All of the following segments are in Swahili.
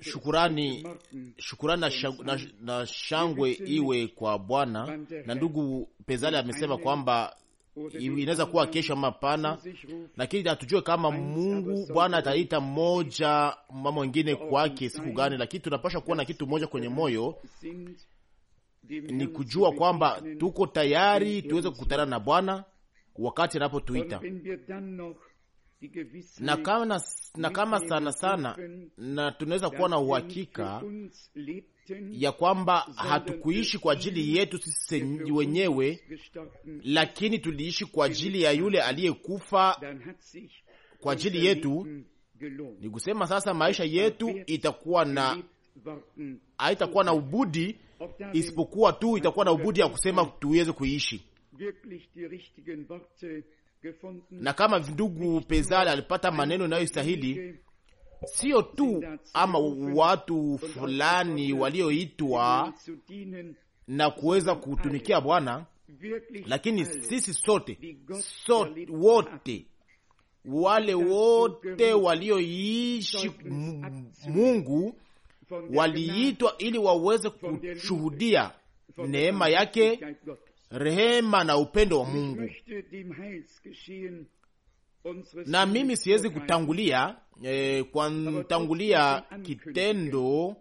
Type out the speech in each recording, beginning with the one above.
Shukurani, shukurani na, shang, na, na shangwe iwe kwa Bwana. Na ndugu Pezali amesema kwamba inaweza kuwa kesho ama pana, lakini hatujue kama Mungu Bwana ataita mmoja mama mwingine kwake siku gani, lakini tunapasha kuwa na kitu moja kwenye moyo, ni kujua kwamba tuko tayari tuweze kukutana na Bwana wakati anapotuita na kama, na kama sana sana na tunaweza kuwa na uhakika ya kwamba hatukuishi kwa ajili yetu sisi wenyewe, lakini tuliishi kwa ajili ya yule aliyekufa kwa ajili yetu. Ni kusema sasa maisha yetu itakuwa na haitakuwa na ubudi, isipokuwa tu itakuwa na ubudi ya kusema tuweze kuishi na kama ndugu Pezali alipata maneno yanayostahili, sio tu ama watu fulani walioitwa na kuweza kutumikia Bwana, lakini sisi sote, sote wote wale wote walioishi Mungu waliitwa ili waweze kushuhudia neema yake rehema na upendo wa Mungu. Na mimi siwezi kutangulia eh, kutangulia kitendo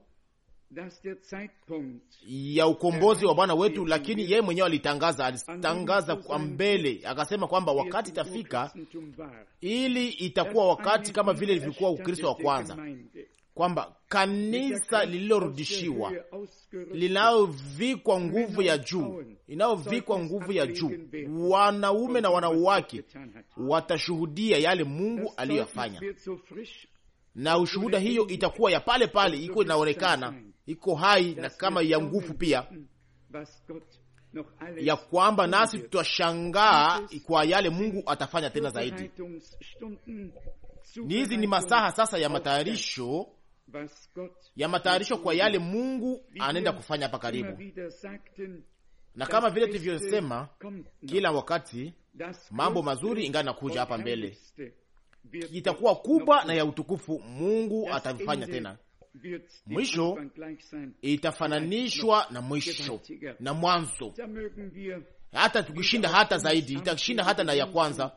ya ukombozi wa Bwana wetu, lakini yeye mwenyewe alitangaza, alitangaza kwa mbele, akasema kwamba wakati itafika, ili itakuwa wakati kama vile ilivyokuwa Ukristo wa kwanza, kwamba kanisa lililorudishiwa linaovikwa nguvu ya juu, inayovikwa nguvu ya juu, wanaume na wanawake watashuhudia yale Mungu aliyoyafanya, na ushuhuda hiyo itakuwa ya pale pale, iko inaonekana, iko hai na kama ya nguvu pia, ya kwamba nasi tutashangaa kwa yale Mungu atafanya tena zaidi. hizi ni masaha sasa ya matayarisho ya matayarisho kwa yale Mungu anaenda kufanya hapa karibu. Na kama vile tulivyosema kila wakati, mambo mazuri ingana nakuja hapa mbele, itakuwa kubwa na ya utukufu Mungu atavifanya tena. Mwisho itafananishwa na mwisho na mwanzo, hata tukishinda hata zaidi, itashinda hata na ya kwanza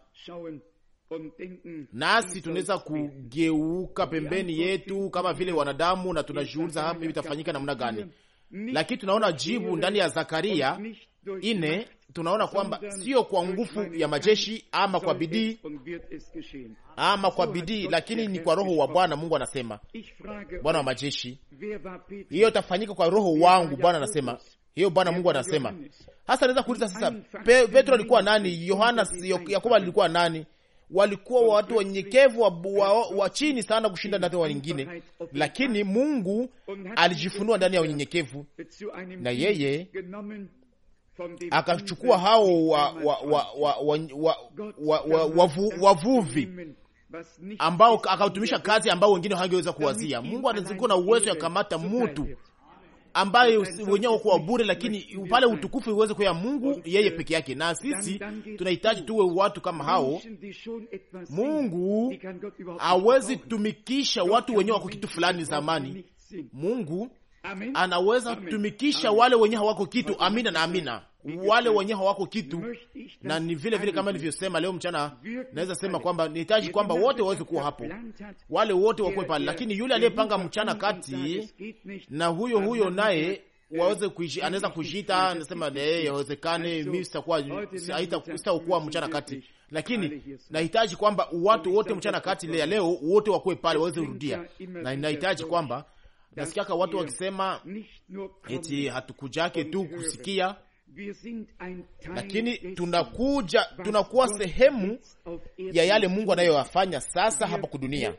nasi tunaweza kugeuka pembeni yetu kama vile wanadamu, na tunajiuliza hapa itafanyika namna gani, lakini tunaona jibu ndani ya Zakaria ine. Tunaona kwamba sio kwa nguvu ya majeshi ama kwa bidii ama kwa bidii, lakini ni kwa roho wa Bwana. Mungu anasema, Bwana wa majeshi, hiyo itafanyika kwa roho wangu. Bwana anasema hiyo, Bwana Mungu anasema. Hasa naweza kuuliza sasa, Petro alikuwa nani? Yohana, Yakobo alikuwa nani? walikuwa watu wanyenyekevu wa, wa, wa chini sana kushinda ndani wengine, lakini Mungu alijifunua ndani ya unyenyekevu na yeye akachukua hao wavuvi ambao akautumisha kazi ambao wengine hangeweza kuwazia. Mungu atakuwa na uwezo ya kamata mutu ambayo wenyewe kuwa bure, lakini pale utukufu iweze kuya Mungu yeye peke yake. Na sisi tunahitaji tuwe watu kama hao. Mungu hawezi tumikisha watu wenyewe wako kitu fulani zamani. Mungu Anaweza kutumikisha wale wenye hawako kitu. Amina na amina, wale wenye hawako kitu. Na ni vile vile kama nilivyosema leo mchana, naweza sema kwamba nihitaji kwamba wote waweze kuwa hapo, wale wote wakuwe pale, lakini yule aliyepanga mchana kati na huyo huyo naye waweze kuishi, anaweza kushita, anasema eh, yawezekane mi sitakuwa sitakuwa mchana kati, lakini nahitaji kwamba watu wote mchana kati leo wote wakuwe pale waweze rudia, na nahitaji kwamba nasikiaka watu wakisema eti hatukujake tu kusikia, lakini tunakuja, tunakuwa sehemu ya yale Mungu anayoyafanya sasa hapa kudunia.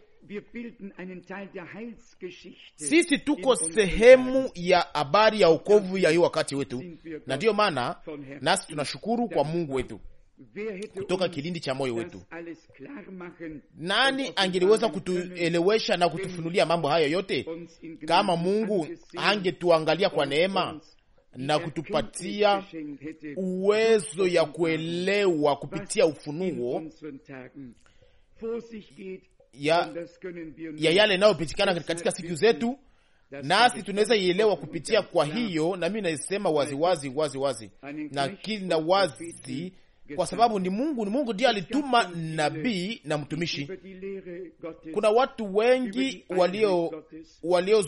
Sisi tuko sehemu ya habari ya wokovu ya hiyo wakati wetu, na ndiyo maana nasi tunashukuru kwa Mungu wetu kutoka kilindi cha moyo wetu. Nani angeliweza kutuelewesha na kutufunulia mambo hayo yote kama Mungu angetuangalia kwa neema na kutupatia uwezo ya kuelewa kupitia ufunuo ya, ya yale inayopitikana katika siku zetu, nasi tunaweza ielewa kupitia. Kwa hiyo nami naisema waziwazi waziwazi na kila wazi kwa sababu ni Mungu, ni Mungu ndiye alituma nabii na mtumishi. Kuna watu wengi walio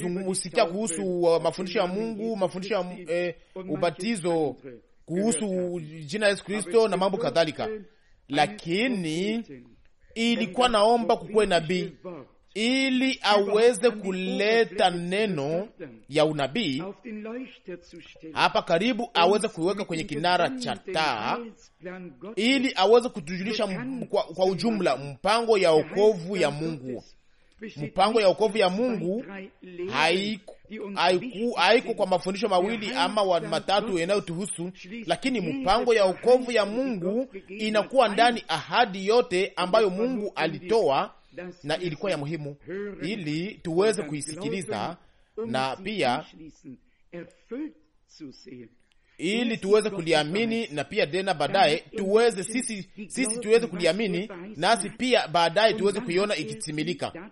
kuhusu uh, mafundisho ya Mungu, mafundisho ya eh, ubatizo kuhusu jina Yesu Kristo na mambo kadhalika, lakini ilikuwa naomba kukuwe nabii ili aweze kuleta neno ya unabii hapa karibu, aweze kuiweka kwenye kinara cha taa, ili aweze kutujulisha kwa, kwa ujumla mpango ya wokovu ya Mungu. Mpango ya wokovu ya Mungu haiko, haiko, haiko kwa mafundisho mawili ama matatu yanayotuhusu, lakini mpango ya wokovu ya Mungu inakuwa ndani ahadi yote ambayo Mungu alitoa na ilikuwa ya muhimu ili tuweze kuisikiliza na pia ili tuweze kuliamini na pia tena baadaye tuweze sisi sisi tuweze kuliamini nasi pia baadaye tuweze kuiona ikitimilika,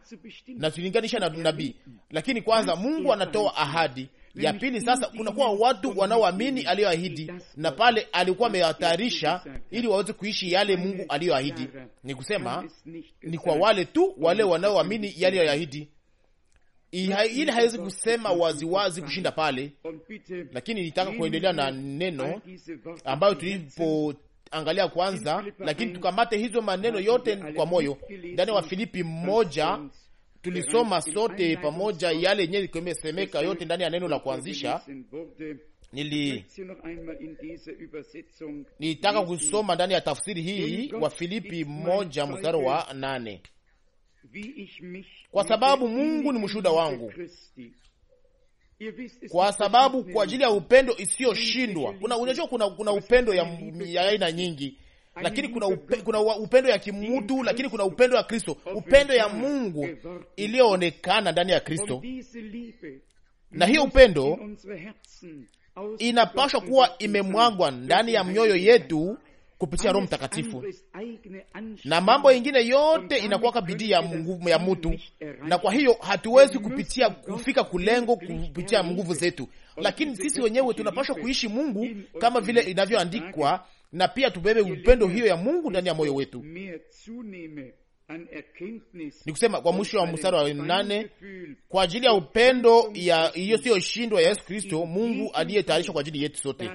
na tulinganisha na nabii. Lakini kwanza Mungu anatoa ahadi ya pili. Sasa kunakuwa watu wanaoamini aliyoahidi, na pale alikuwa amehatarisha ili waweze kuishi yale Mungu aliyoahidi. Ni kusema ni kwa wale tu wale wanaoamini yale yaliyoahidi. Ili haiwezi kusema waziwazi kushinda pale, lakini nitaka kuendelea na neno ambayo tulipo angalia kwanza, lakini tukamate hizo maneno yote kwa moyo ndani wa Filipi moja tulisoma sote pamoja yale yenyewe kimesemeka yote ndani ya neno la kuanzisha. nilitaka kusoma ndani ya tafsiri hii wa Filipi moja mstari wa nane kwa sababu Mungu ni mshuhuda wangu kwa sababu kwa ajili ya upendo isiyoshindwa. Unajua kuna, kuna upendo ya aina nyingi lakini kuna, upe, kuna upendo ya kimutu, lakini kuna upendo ya Kristo, upendo ya Mungu iliyoonekana ndani ya Kristo, na hiyo upendo inapashwa kuwa imemwagwa ndani ya mioyo yetu kupitia Roho Mtakatifu, na mambo ingine yote inakuwaka bidii ya nguvu ya mutu, na kwa hiyo hatuwezi kupitia kufika kulengo kupitia nguvu zetu, lakini sisi wenyewe tunapashwa kuishi Mungu kama vile inavyoandikwa na pia tubebe upendo hiyo ya Mungu ndani ya moyo wetu. Ni kusema kwa mwisho wa mstari wa nane, kwa ajili ya upendo ya hiyo siyoshindwa ya Yesu Kristo, Mungu aliyetayarishwa kwa ajili yetu sote.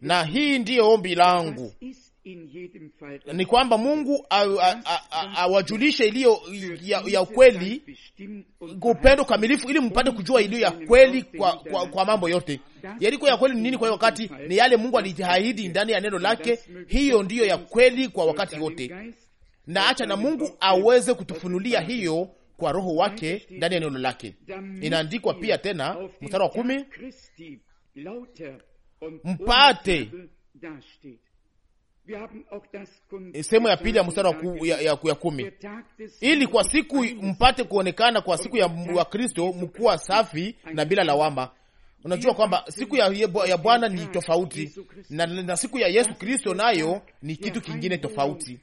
Na hii ndiyo ombi langu ni kwamba Mungu awajulishe iliyo ya, ya ukweli upendo kamilifu, ili mpate kujua iliyo ya kweli kwa, kwa, kwa mambo yote yaliko ya kweli ni nini? Kwa hiyo wakati ni yale Mungu alijihaidi ndani ya neno lake, hiyo ndiyo ya kweli kwa wakati wote, na acha na Mungu aweze kutufunulia hiyo kwa Roho wake ndani ya neno lake. Inaandikwa pia tena mstari wa kumi mpate Eh, sehemu ya pili ya mstari ya, ya, ya kumi ili kwa siku mpate kuonekana kwa siku ya wa Kristo mkuwa safi na bila lawama. Unajua kwamba siku ya, ya Bwana ni tofauti na, na siku ya Yesu Kristo nayo ni kitu kingine tofauti.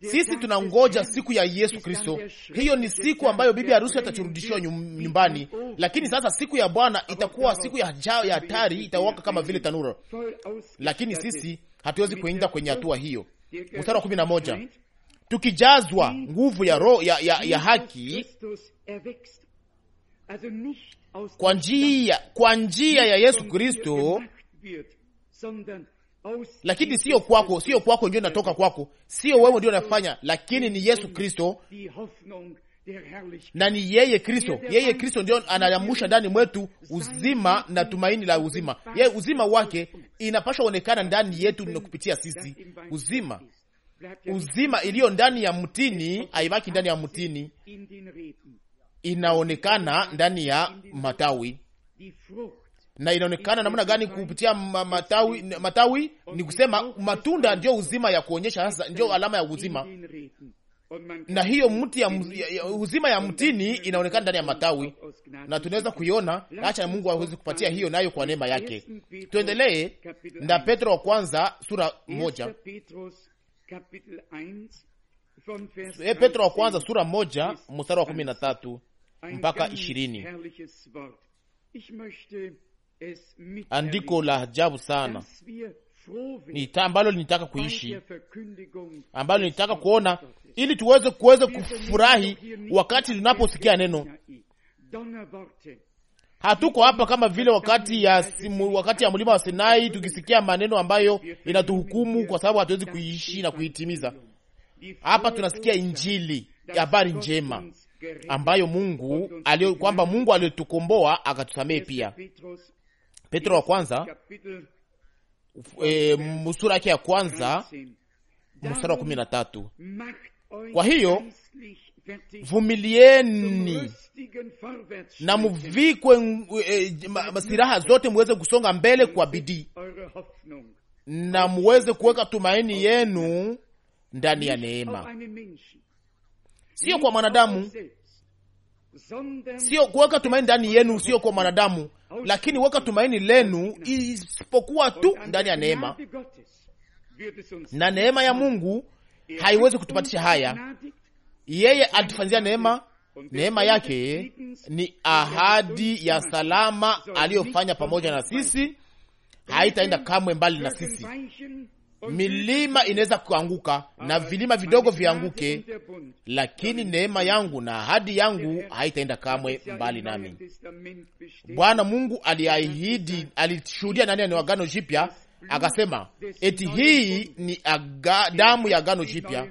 Sisi tunangoja siku ya Yesu Kristo. Hiyo ni siku ambayo bibi harusi atachurudishiwa nyumbani, lakini sasa siku ya Bwana itakuwa siku ya hatari, itawaka kama vile tanura, lakini sisi hatuwezi kuenda kwenye hatua hiyo. Mstari wa kumi na moja, tukijazwa nguvu ya roho ya, ya, ya haki kwa njia kwa njia ya Yesu Kristo, lakini sio kwako, sio kwako ndio inatoka kwako, sio wewe ndio unafanya, lakini ni Yesu Kristo na ni yeye Kristo, yeye Kristo ndio anayamusha ndani mwetu uzima na tumaini la uzima. Yeye uzima wake inapasha onekana ndani yetu na kupitia sisi. Uzima uzima iliyo ndani ya mtini haibaki ndani ya mtini, inaonekana ndani ya matawi na inaonekana namna gani kupitia matawi? Matawi ni kusema matunda, ndio uzima ya kuonyesha sasa, ndio alama ya uzima na hiyo mti ya, ya, uzima ya mtini inaonekana ndani ya matawi na tunaweza kuiona. Acha Mungu aweze kupatia hiyo nayo kwa neema yake. Tuendelee na Petro wa kwanza sura moja. E, Petro wa kwanza sura moja mstari wa kumi na tatu mpaka ishirini. Andiko la ajabu sana ambalo nitaka kuishi ambalo nitaka kuona ili tuweze kuweze kufurahi wakati tunaposikia neno. Hatuko hapa kama vile wakati ya simu, wakati ya mlima wa Sinai tukisikia maneno ambayo inatuhukumu kwa sababu hatuwezi kuishi na kuitimiza. Hapa tunasikia Injili, habari njema ambayo Mungu alio kwamba Mungu aliyotukomboa akatusamehe pia. Petro wa kwanza eh, e, msura yake ya kwanza mstari wa kumi na tatu kwa hiyo vumilieni na muvikwe e, e silaha zote muweze kusonga mbele kwa bidii na muweze kuweka tumaini yenu ndani ya neema, sio kwa mwanadamu, sio kuweka tumaini ndani yenu, sio kwa mwanadamu, lakini weka tumaini lenu isipokuwa tu ndani ya neema, na neema ya Mungu haiwezi kutupatisha haya. Yeye alitufanyia neema. Neema yake ni ahadi ya salama aliyofanya pamoja na sisi, haitaenda kamwe mbali na sisi. Milima inaweza kuanguka na vilima vidogo vianguke, lakini neema yangu na ahadi yangu haitaenda kamwe mbali nami. Bwana Mungu aliahidi, alishuhudia ndani ya Agano Jipya akasema eti hii ni aga, damu ya agano jipya.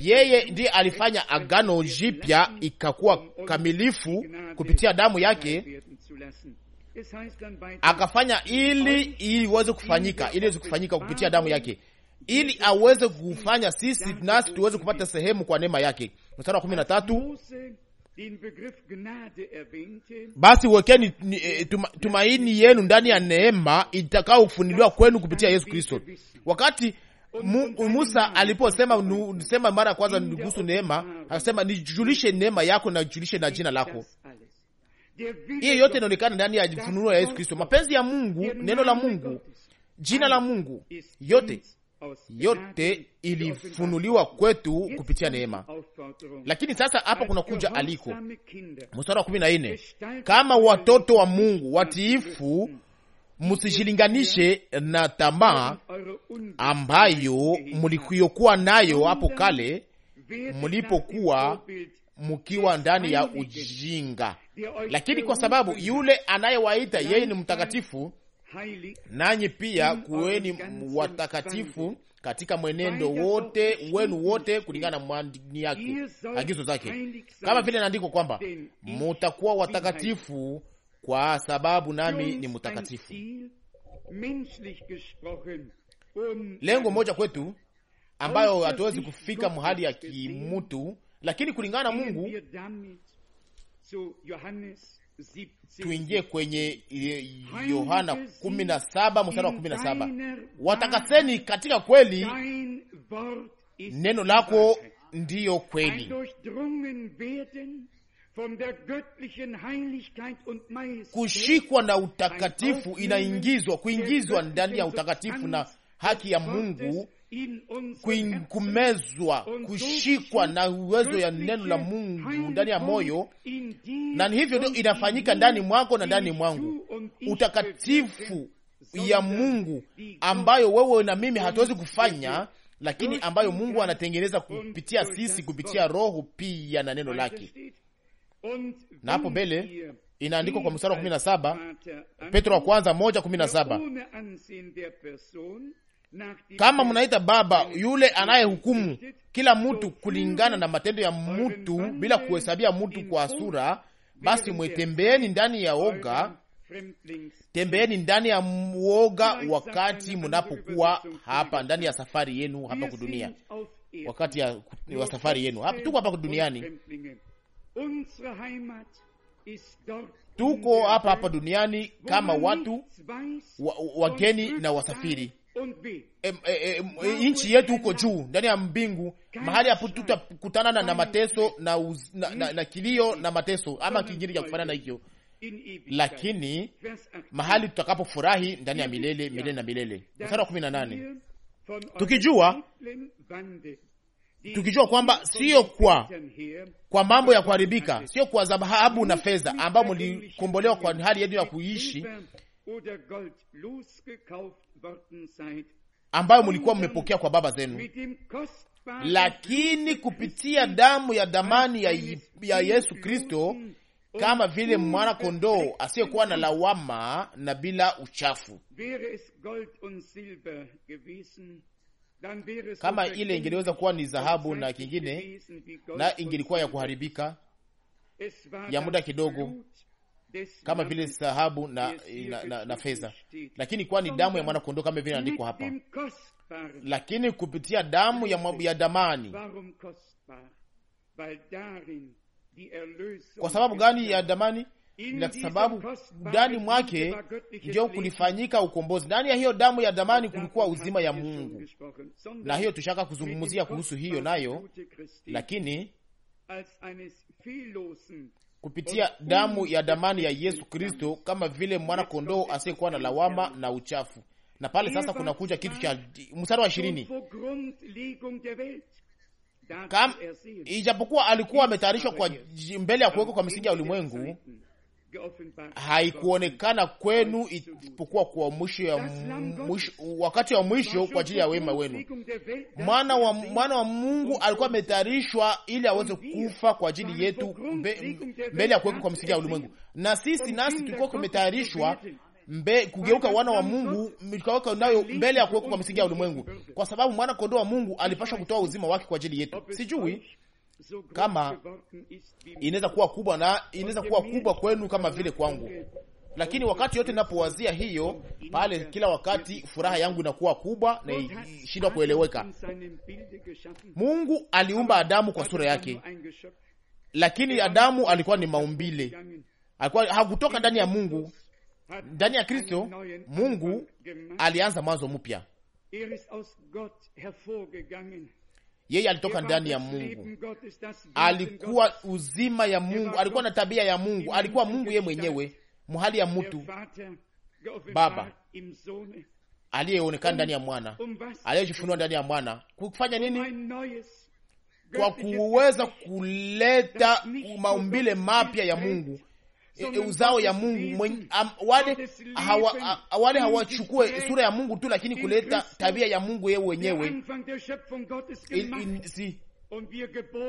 Yeye ndiye alifanya agano jipya ikakuwa kamilifu kupitia damu yake, akafanya ili iweze kufanyika, ili iweze kufanyika kupitia damu yake, ili aweze kufanya sisi nasi tuweze kupata sehemu kwa neema yake. Mstari wa kumi na tatu basi wekeni e, e, tumaini yenu ndani ya neema itakayofunuliwa kwenu kupitia Yesu Kristo. Wakati Mu, Musa aliposema sema mara ya kwanza kuhusu neema, akasema nijulishe neema yako na na jina lako. Hiyo yote inaonekana ndani ya funuo ya Yesu Kristo, mapenzi ya Mungu, neno la Mungu, jina la Mungu, yote yote ilifunuliwa kwetu kupitia neema. Lakini sasa hapa kunakuja aliko, mstari wa kumi na nne kama watoto wa Mungu watiifu, msijilinganishe na tamaa ambayo mlikuyokuwa nayo hapo kale mlipokuwa mkiwa ndani ya ujinga, lakini kwa sababu yule anayewaita yeye ni mtakatifu nanyi pia kuweni watakatifu katika mwenendo wote wenu wote, kulingana na maandiko yake agizo zake, kama vile naandiko kwamba mutakuwa watakatifu kwa sababu nami ni mtakatifu. Um, Lengo moja kwetu ambayo hatuwezi kufika mhali ya kimutu, lakini kulingana na Mungu tuingie kwenye Yohana 17 mstari wa 17, watakaseni katika kweli, neno lako ndiyo kweli. Kushikwa na utakatifu inaingizwa kuingizwa ndani ya utakatifu na haki ya Mungu kumezwa, kushikwa na uwezo ya neno la Mungu ndani ya moyo, na hivyo ndio inafanyika ndani mwako na ndani mwangu, utakatifu ya Mungu ambayo wewe na mimi hatuwezi kufanya, lakini ambayo Mungu anatengeneza kupitia sisi, kupitia Roho pia na neno lake. Na hapo mbele inaandikwa kwa mstari wa 17 Petro wa kwanza moja kama mnaita baba yule anayehukumu kila mtu kulingana na matendo ya mtu bila kuhesabia mtu kwa sura, basi mwetembeeni ndani ya oga, tembeeni ndani ya uoga wakati mnapokuwa hapa ndani ya safari yenu hapa kudunia, wakati ya wa safari yenu hapa, tuko hapa kuduniani tuko hapa hapa duniani kama watu wageni wa na wasafiri e, e, e, nchi yetu huko juu ndani ya mbingu, mahali hapo tutakutana na, na mateso na, uz, na, na, na kilio na mateso ama kingine cha kufanana hicho, lakini mahali tutakapofurahi ndani ya milele milele na milele. Mstari wa kumi na nane tukijua tukijua kwamba sio kwa kwa mambo ya kuharibika, sio kwa dhahabu na fedha, ambayo mlikombolewa kwa hali yenu ya kuishi ambayo mulikuwa um mmepokea kwa baba zenu, lakini kupitia damu ya dhamani ya, ya Yesu Kristo, um kama vile um mwana kondoo asiyekuwa na lawama na bila uchafu. Kama ile ingeliweza kuwa ni dhahabu na kingine, na ingelikuwa ya kuharibika ya muda kidogo kama vile dhahabu na, na, na, na fedha, lakini ni damu ya mwana kondoo kama vile inaandikwa hapa, lakini kupitia damu ya, ya damani. Kwa sababu gani ya damani? Na sababu ndani mwake ndio kulifanyika ukombozi. Ndani ya hiyo damu ya damani kulikuwa uzima ya Mungu, na hiyo tushaka kuzungumzia kuhusu hiyo nayo, lakini kupitia damu ya damani ya Yesu Kristo, kama vile mwana kondoo asiyekuwa na lawama na uchafu. Na pale sasa kuna kuja kitu cha mstari wa ishirini ijapokuwa alikuwa ametayarishwa kwa mbele ya kuwekwa kwa misingi ya ulimwengu haikuonekana kwenu isipokuwa kwa mwisho ya mwisho, wakati wa mwisho kwa ajili ya wema wenu. Mwana wa, mwana wa Mungu alikuwa ametayarishwa ili aweze kufa kwa ajili yetu mbele ya kuwekwa kwa msingi ya ulimwengu, na sisi nasi tulikuwa tumetayarishwa mbe kugeuka wana wa Mungu tukaweka nayo mbele ya kuwekwa kwa msingi ya ulimwengu, kwa sababu mwana kondoo wa Mungu alipashwa kutoa uzima wake kwa ajili yetu. Sijui kama inaweza kuwa kubwa na inaweza kuwa kubwa kwenu kama vile kwangu. Lakini wakati yote ninapowazia hiyo pale, kila wakati furaha yangu inakuwa kubwa na ishindwa kueleweka. Mungu aliumba Adamu kwa sura yake, lakini Adamu alikuwa ni maumbile, alikuwa hakutoka ndani ya Mungu. Ndani ya Kristo Mungu alianza mwanzo mpya. Er yeye alitoka ndani ya Mungu, alikuwa uzima ya Mungu, alikuwa na tabia ya Mungu, alikuwa Mungu ye mwenyewe mhali ya mtu Baba aliyeonekana um, ndani ya mwana, aliyejifunua ndani ya mwana, kufanya nini? Kwa kuweza kuleta maumbile mapya ya Mungu e, e uzao ya Mungu mwen, am, wale hawa, wale hawachukue sura ya Mungu tu, lakini kuleta tabia ya Mungu yeye wenyewe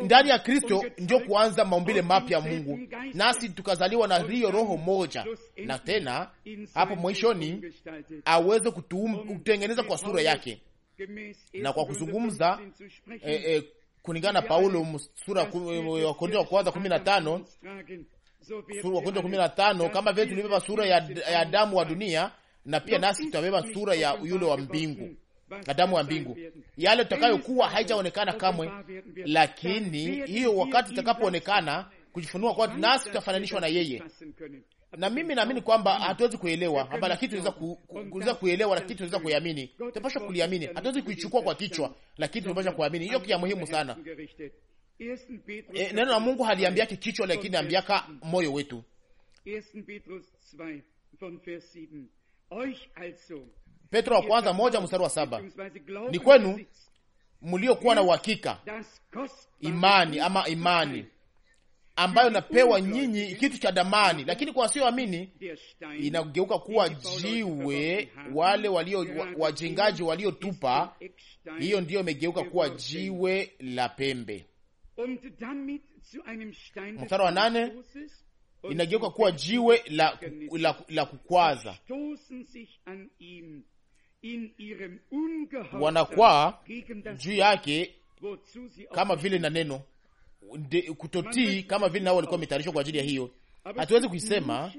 ndani ya Kristo ndio kuanza maumbile mapya ya Mungu, nasi tukazaliwa na hiyo roho moja, na tena hapo mwishoni aweze kutengeneza kwa sura yake. Na kwa kuzungumza e, e, kulingana na Paulo sura ya Wakorintho eh, wa kwanza kumi na tano Wakorintho kumi na tano, kama vile tulibeba sura ya, ya damu wa dunia na pia nasi tutabeba sura ya yule wa mbingu adamu wa mbingu. Yale tutakayokuwa haijaonekana kamwe, lakini hiyo wakati tutakapoonekana kujifunua kwa nasi tutafananishwa na yeye. Na mimi naamini kwamba hatuwezi kuelewa hapa, lakini tunaweza kuweza kuelewa, lakini tunaweza kuiamini, tunapaswa kuliamini. Hatuwezi kuichukua kwa kichwa, lakini tunapaswa kuamini. Hiyo kia muhimu sana, E, neno la Mungu haliambiaki kichwa, lakini ambiaka moyo wetu. Petro wa kwanza moja mstari wa saba ni kwenu mliokuwa na uhakika imani ama imani ambayo napewa nyinyi kitu cha damani, lakini kwa wasioamini inageuka kuwa jiwe. Wale walio wajingaji waliotupa hiyo, ndiyo imegeuka kuwa jiwe la pembe. Mstari wa nane inageuka kuwa jiwe la, la, la kukwaza. Wanakwaa juu yake kama vile na neno kutotii, kama vile nao walikuwa wametayarishwa kwa ajili ya hiyo. Hatuwezi kuisema,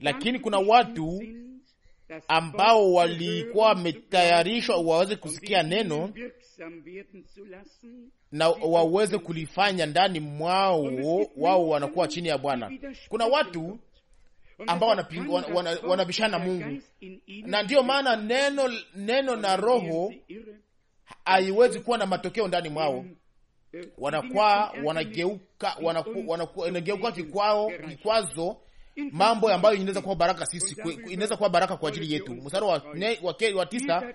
lakini kuna watu ambao walikuwa wametayarishwa waweze kusikia neno na waweze kulifanya ndani mwao, wao wanakuwa chini ya Bwana. Kuna watu ambao wanabishana wana, wana, Mungu, na ndiyo maana neno neno na roho haiwezi kuwa na matokeo ndani mwao, wanakuwa wanageuka wanageuka kikwao kikwazo mambo ambayo inaweza kuwa baraka sisi, inaweza kuwa baraka kwa ajili yetu. Mstari wa, wa, wa tisa,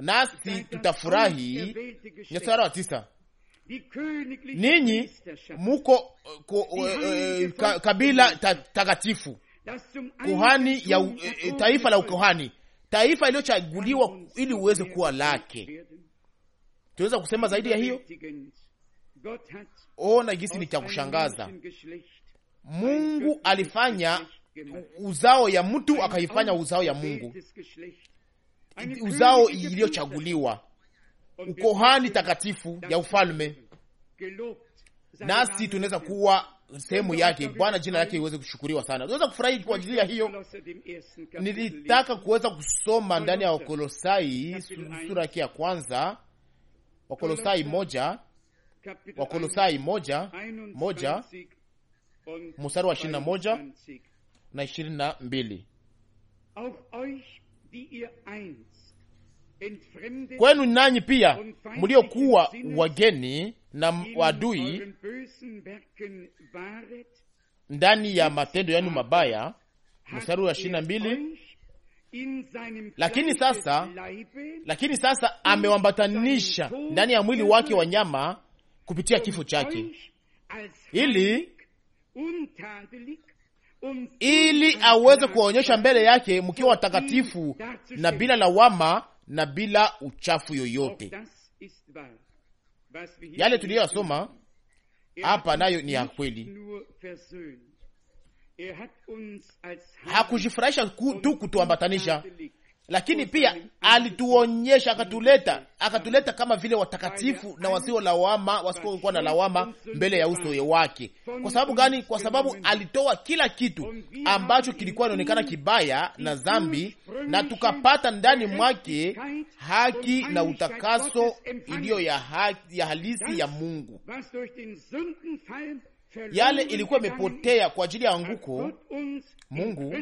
nasi tutafurahi. Mstari wa tisa, ninyi muko uh, kabila takatifu kuhani ya uh, taifa la ukohani, taifa iliyochaguliwa ili uweze kuwa lake. Tunaweza kusema zaidi ya hiyo? Ona gisi ni cha kushangaza Mungu alifanya uzao ya mtu akaifanya uzao ya Mungu, uzao iliyochaguliwa, ukohani takatifu ya ufalme, nasi tunaweza kuwa sehemu yake. Bwana jina lake iweze kushukuriwa sana. Tunaweza kufurahi kwa ajili ya hiyo. Nilitaka kuweza kusoma ndani ya Wakolosai sura yake ya kwanza, Wakolosai moja, Wakolosai moja moja mstari wa ishirini na moja na ishirini na mbili kwenu nanyi pia mliokuwa wageni na wadui ndani ya matendo yenu mabaya. Mstari wa ishirini na mbili lakini sasa, lakini sasa amewambatanisha ndani ya mwili wake wa nyama kupitia kifo chake, ili ili aweze kuwaonyesha mbele yake mkiwa watakatifu na bila lawama na bila uchafu yoyote. Yale tuliyoyasoma hapa nayo ni ya kweli. Hakujifurahisha tu kutuambatanisha, lakini pia alituonyesha, akatuleta mm-hmm. akatuleta kama vile watakatifu na wasio lawama, wasiokuwa na lawama mbele ya uso wake. Kwa sababu gani? Kwa sababu alitoa kila kitu ambacho kilikuwa inaonekana kibaya na dhambi, na tukapata ndani mwake haki na utakaso iliyo ya, ya halisi ya Mungu yale ilikuwa imepotea kwa ajili ya anguko, Mungu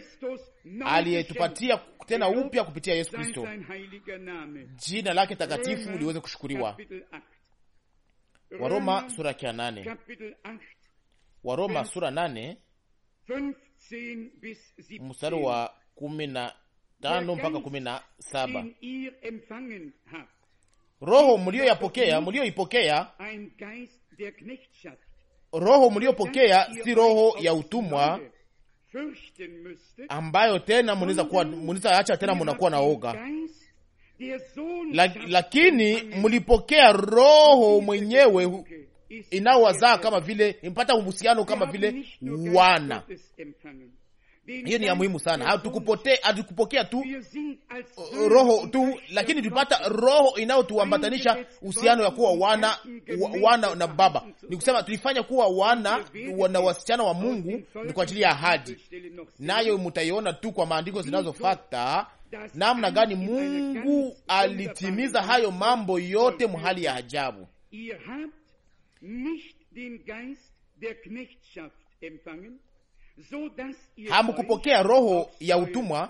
aliyetupatia tena upya kupitia Yesu Kristo, jina lake takatifu liweze kushukuriwa. Waroma sura ya nane. Waroma sura nane mstari wa kumi na tano mpaka kumi na saba. Roho mlioyapokea mlioipokea roho mliopokea si roho ya utumwa ambayo tena mnaweza kuwa acha tena munakuwa na oga la, lakini mlipokea roho mwenyewe inaowazaa kama vile impata uhusiano kama vile wana hiyo ni ya muhimu sana. Hatukupotee, hatukupokea tu uh, roho tu, lakini tupata roho inayotuambatanisha uhusiano ya kuwa wana wana na Baba. Ni kusema tulifanya kuwa wana na wasichana wa Mungu ni kwa ajili ya ahadi, nayo mutaiona tu kwa maandiko zinazofata namna gani Mungu alitimiza hayo mambo yote mhali ya ajabu hamukupokea roho ya utumwa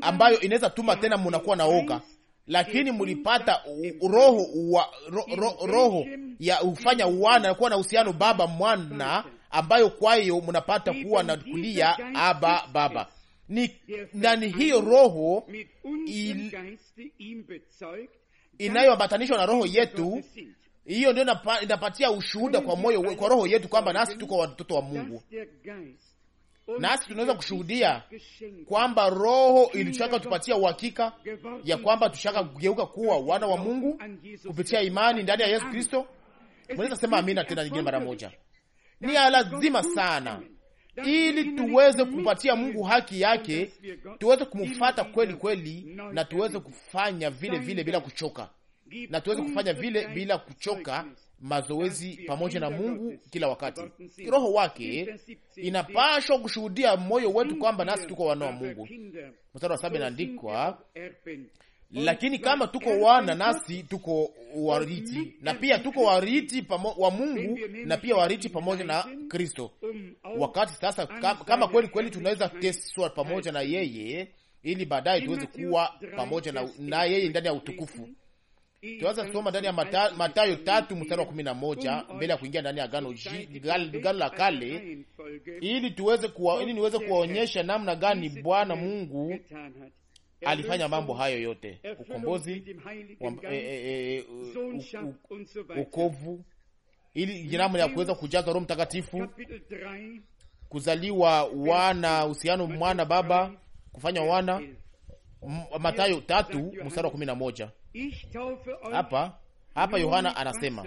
ambayo inaweza tuma tena munakuwa na oga, lakini mulipata roho wa, ro, ro, roho ya ufanya wana kuwa na uhusiano baba mwana, ambayo kwayo munapata kuwa na kulia aba baba ni nani hiyo roho il, inayoambatanishwa na roho yetu hiyo ndio inapatia ushuhuda kwa moyo, kwa roho yetu kwamba nasi tuko watoto wa Mungu, nasi tunaweza kushuhudia kwamba roho ilishaka tupatia uhakika ya kwamba tushaka kugeuka kuwa wana wa Mungu kupitia imani ndani ya Yesu Kristo. Mweza sema amina tena nyingine mara moja. Ni lazima sana ili tuweze kupatia Mungu haki yake, tuweze kumfata kweli kweli, na tuweze kufanya vile vile bila kuchoka na tuweze kufanya vile bila kuchoka mazoezi pamoja na Mungu kila wakati. Roho wake inapashwa kushuhudia moyo wetu kwamba nasi tuko wana wa Mungu. Mstari wa saba inaandikwa, lakini kama tuko wana, nasi tuko wariti na pia tuko wariti wa Mungu na pia wariti pamoja na Kristo. Um, wakati sasa kama kweli kweli tunaweza teswa pamoja na yeye, ili baadaye tuweze kuwa pamoja na, na yeye ndani ya utukufu Tunaanza soma ndani ya matayo tatu mstari wa kumi na moja mbele ya kuingia ndani ya gano la kale, ili tuweze kuwa, ili niweze kuwaonyesha namna gani Bwana Mungu alifanya mambo hayo yote, ukombozi, eh, eh, eh, ukovu, ili namna ya kuweza kujaza Roho Mtakatifu, kuzaliwa wana, uhusiano mwana baba, kufanya wana. Matayo tatu mstari wa kumi na moja hapa hapa Yohana anasema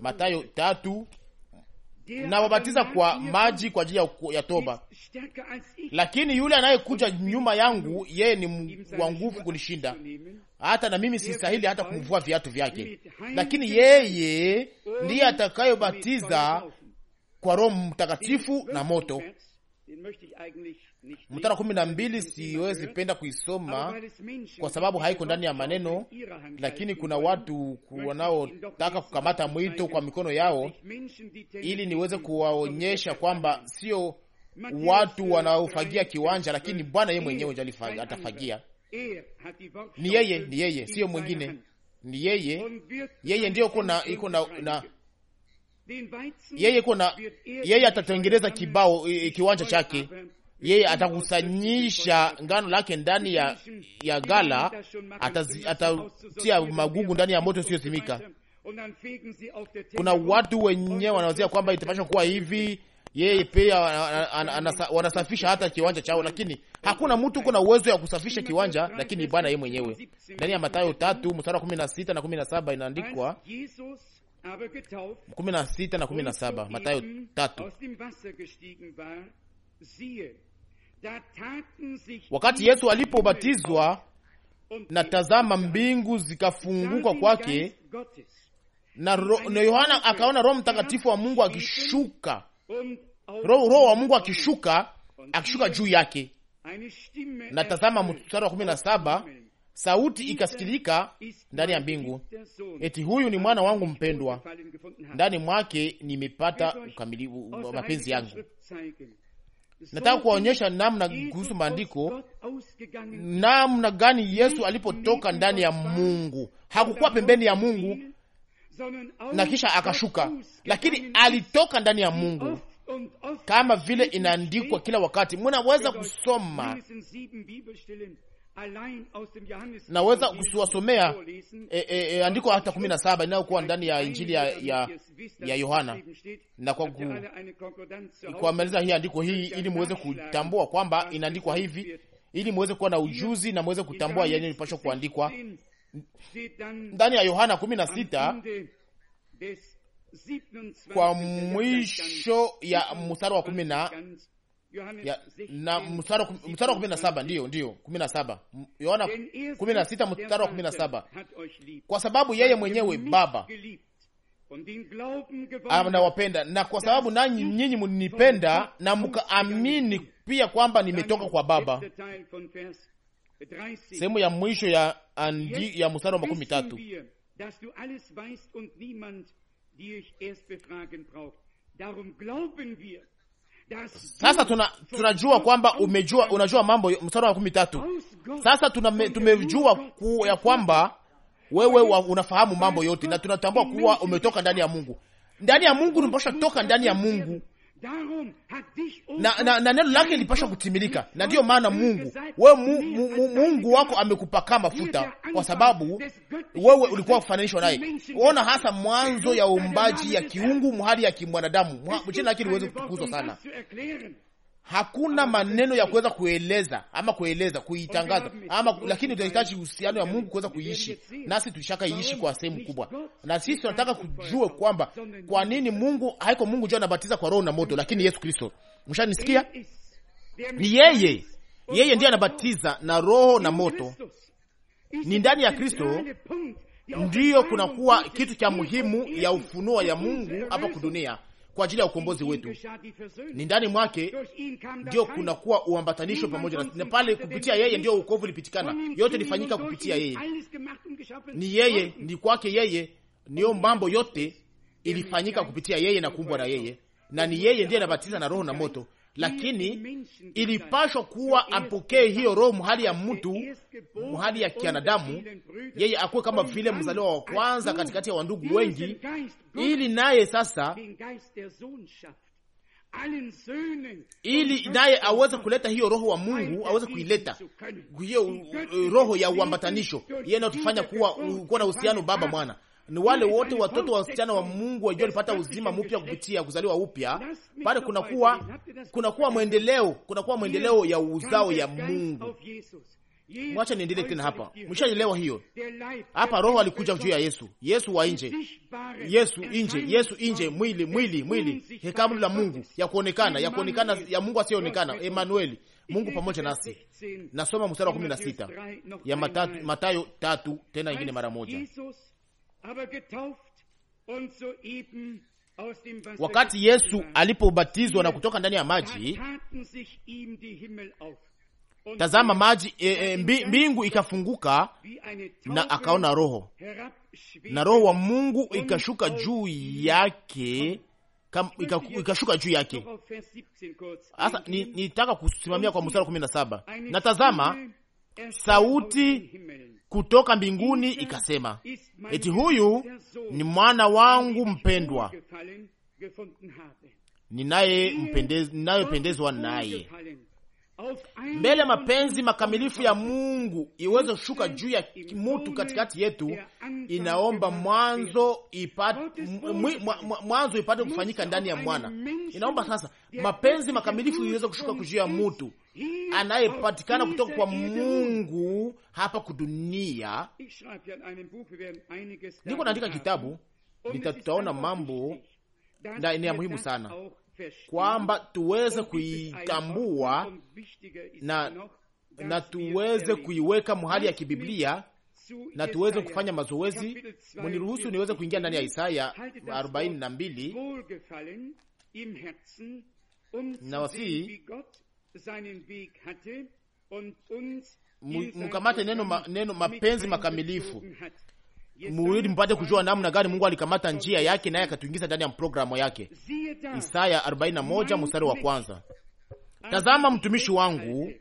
Matayo tatu, nawabatiza kwa maji kwa ajili ya toba, lakini yule anayekuja nyuma yangu yeye ni wa nguvu kunishinda, hata na mimi sistahili er hata kumvua viatu vyake, lakini yeye ndiye atakayobatiza kwa Roho Mtakatifu na moto mstari kumi na mbili siwezi penda kuisoma kwa sababu haiko ndani ya maneno, lakini kuna watu wanaotaka kukamata mwito kwa mikono yao ili niweze kuwaonyesha kwamba sio watu wanaofagia kiwanja, lakini Bwana yeye mwenyewe atafagia. Ni yeye, ni yeye, sio mwingine, ni yeye. Yeye ndiyo iko na iko na, na yeye iko na yeye atatengeneza kibao eh, eh, kiwanja chake yeye atakusanyisha ngano lake ndani ya, ya gala, atatia magugu ndani ya moto usiyozimika. Kuna watu wenyewe wanawazia kwamba itapashwa kuwa hivi, yeye pia wanasafisha hata kiwanja chao, lakini hakuna mtu kuna uwezo ya kusafisha kiwanja, lakini Bwana yeye mwenyewe. Ndani ya Mathayo tatu mstari wa 16 na 17 inaandikwa 16 na 17, Mathayo tatu Wakati Yesu alipobatizwa, na tazama, mbingu zikafunguka kwake na, na Yohana akaona Roho Mtakatifu wa Mungu akishuka, Roho wa Mungu akishuka akishuka juu yake. Na tazama, mstari wa kumi na saba, sauti ikasikilika ndani ya mbingu, eti huyu ni mwana wangu mpendwa, ndani mwake nimepata mapenzi yangu nataka kuwaonyesha namna kuhusu maandiko, namna gani Yesu alipotoka ndani ya Mungu. Hakukuwa pembeni ya Mungu na kisha akashuka, lakini alitoka ndani ya Mungu kama vile inaandikwa kila wakati. Mnaweza kusoma Naweza kuwasomea e, e, e, andiko hata kumi na saba inayokuwa ndani ya Injili ya, ya, ya Yohana na kwa hii andiko hii ili muweze kutambua kwamba inaandikwa hivi ili muweze kuwa na ujuzi na muweze kutambua yale yanayopaswa kuandikwa ndani ya Yohana kumi na sita kwa mwisho ya mstari wa kumi na ya, na mstari wa 17 ndiyo, ndiyo 17 Yohana 16 mstari wa 17, kwa sababu yeye mwenyewe Baba anawapenda ah, na kwa sababu nanyi nyinyi mnipenda na mkaamini pia kwamba nimetoka kwa Baba. Sehemu ya mwisho ya andi, ya mstari wa makumi tatu. Sasa tuna, tunajua kwamba umejua, unajua mambo. Mstari wa makumi tatu. Sasa tuna, tumejua ku, ya kwamba wewe wa, unafahamu mambo yote na tunatambua kuwa umetoka ndani ya Mungu. Ndani ya Mungu niposha toka ndani ya Mungu na, na, na neno lake lipasha kutimilika, na ndiyo maana Mungu wewe mu, mu, mu, Mungu wako amekupaka mafuta kwa sababu wewe ulikuwa kufananishwa naye. Ona hasa mwanzo ya uumbaji ya kiungu mhali ya kimwanadamu, jina lake liweze kutukuzwa um sana hakuna maneno ya kuweza kueleza ama kueleza kuitangaza ama, lakini tunahitaji uhusiano ya Mungu kuweza kuishi nasi. tushaka iishi kwa sehemu kubwa, na sisi tunataka kujua kwamba kwa nini Mungu haiko Mungu njoo anabatiza kwa roho na moto, lakini Yesu Kristo, mshanisikia, ni yeye yeye ndiye anabatiza na roho na moto. Ni ndani ya Kristo ndiyo kunakuwa kitu cha muhimu ya ufunuo ya Mungu hapa kudunia kwa ajili ya ukombozi wetu. Ni ndani mwake ndio kunakuwa uambatanisho pamoja na pale, kupitia yeye ndio ukovu ulipitikana. Yote ilifanyika kupitia yeye, ni yeye, ni kwake yeye, niyo mambo yote ilifanyika kupitia yeye na kumbwa na yeye, na ni yeye ndiye anabatiza na roho na moto lakini ilipashwa kuwa apokee hiyo roho mhali ya mtu, mhali ya kianadamu, yeye akuwe kama vile mzaliwa wa kwanza katikati ya wandugu wengi, ili naye sasa ili naye aweze kuleta hiyo roho wa Mungu, aweze kuileta hiyo eh, roho ya uambatanisho, yeye nayotufanya kuwa kuwa na uhusiano Baba Mwana ni wale wote watoto wa wasichana wa Mungu wajua walipata uzima mpya kupitia kuzaliwa upya. Pale kunakuwa kunakuwa mwendeleo, kunakuwa mwendeleo ya uzao ya Mungu. Mwacha niendelee tena hapa, mshaelewa hiyo hapa. Roho alikuja juu ya Yesu, Yesu wa nje, Yesu nje, Yesu nje, mwili mwili mwili, hekalu la Mungu ya kuonekana, ya kuonekana ya Mungu asiyeonekana, Emanueli, Mungu pamoja nasi. Nasoma mstari wa kumi na sita ya Matatu, Matayo tatu tena ingine mara moja Wakati Yesu alipobatizwa na kutoka ndani ya maji, tazama er maji e, e, mbingu ikafunguka na akaona Roho, na Roho wa Mungu ikashuka juu yake ikashuka juu yake. Sasa nitaka ni kusimamia kwa mstari wa kumi na saba na tazama sauti kutoka mbinguni ikasema, eti huyu ni mwana wangu mpendwa ninayependezwa naye mbele mapenzi makamilifu ya Mungu iweze kushuka juu ya mutu katikati yetu, inaomba mwanzo ipate mwanzo ipate kufanyika ndani ya mwana. Inaomba sasa mapenzi makamilifu iweze kushuka juu ya mutu anayepatikana kutoka kwa Mungu hapa kudunia. Niko naandika kitabu, nitataona mambo na ni ya muhimu sana kwamba tuweze kuitambua na, na tuweze kuiweka mhali ya kibiblia na tuweze kufanya mazoezi. ruhusu niweze kuingia ndani ya Isaya 42 na wasii mkamate neno, ma, neno mapenzi makamilifu muili mpate kujua namna gani Mungu alikamata njia yake naye akatuingiza ndani ya programu yake. Isaya 41 mstari wa kwanza. Tazama mtumishi wangu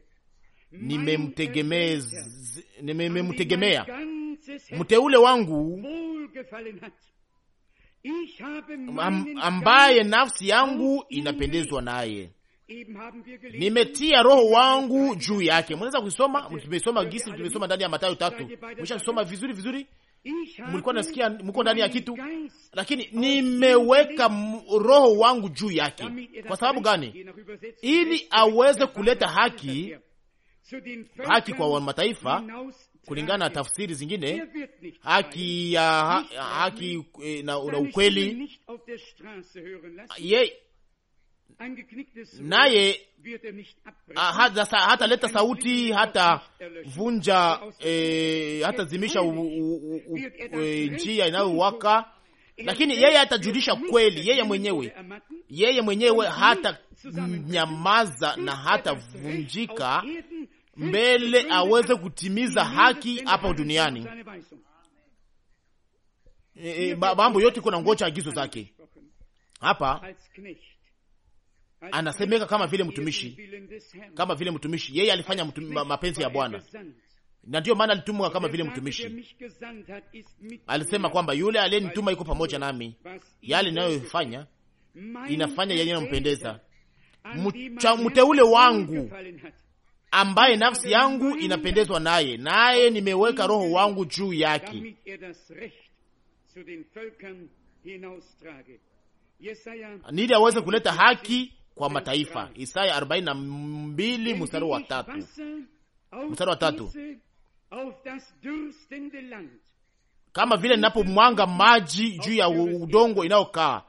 nimemtegemea, mteule wangu ambaye nafsi yangu inapendezwa naye, nimetia roho wangu juu yake. Mnaweza kusoma, tumesoma gisi, tumesoma ndani ya Mathayo tatu, mwisha kusoma vizuri vizuri mlikuwa nasikia mko ndani ya kitu, lakini nimeweka roho wangu juu yake. Kwa sababu gani? Ili aweze kuleta haki, haki kwa mataifa kulingana na tafsiri zingine, haki ya haki eh, na, na ukweli ye naye er ah, hata hataleta sauti hata er vunja eh, hata er zimisha eh, njia inayowaka, lakini yeye atajulisha kweli, yeye mwenyewe, yeye mwenyewe hata nyamaza na hata vunjika mbele aweze kutimiza haki hapa duniani. E, mambo yote kuna ngocha agizo zake hapa anasemeka kama vile mtumishi, kama vile mtumishi. Yeye alifanya mtum, mapenzi ya Bwana, na ndiyo maana alitumwa kama vile mtumishi. Alisema kwamba yule aliyenituma yuko pamoja nami, yale inayofanya inafanya yeye nampendeza mteule wangu ambaye nafsi yangu inapendezwa naye, naye nimeweka roho wangu juu yake. Nili aweze kuleta haki kwa mataifa. Isaya 42 mstari wa tatu, mstari wa tatu. Kama vile ninapomwanga maji juu ya udongo inayokaa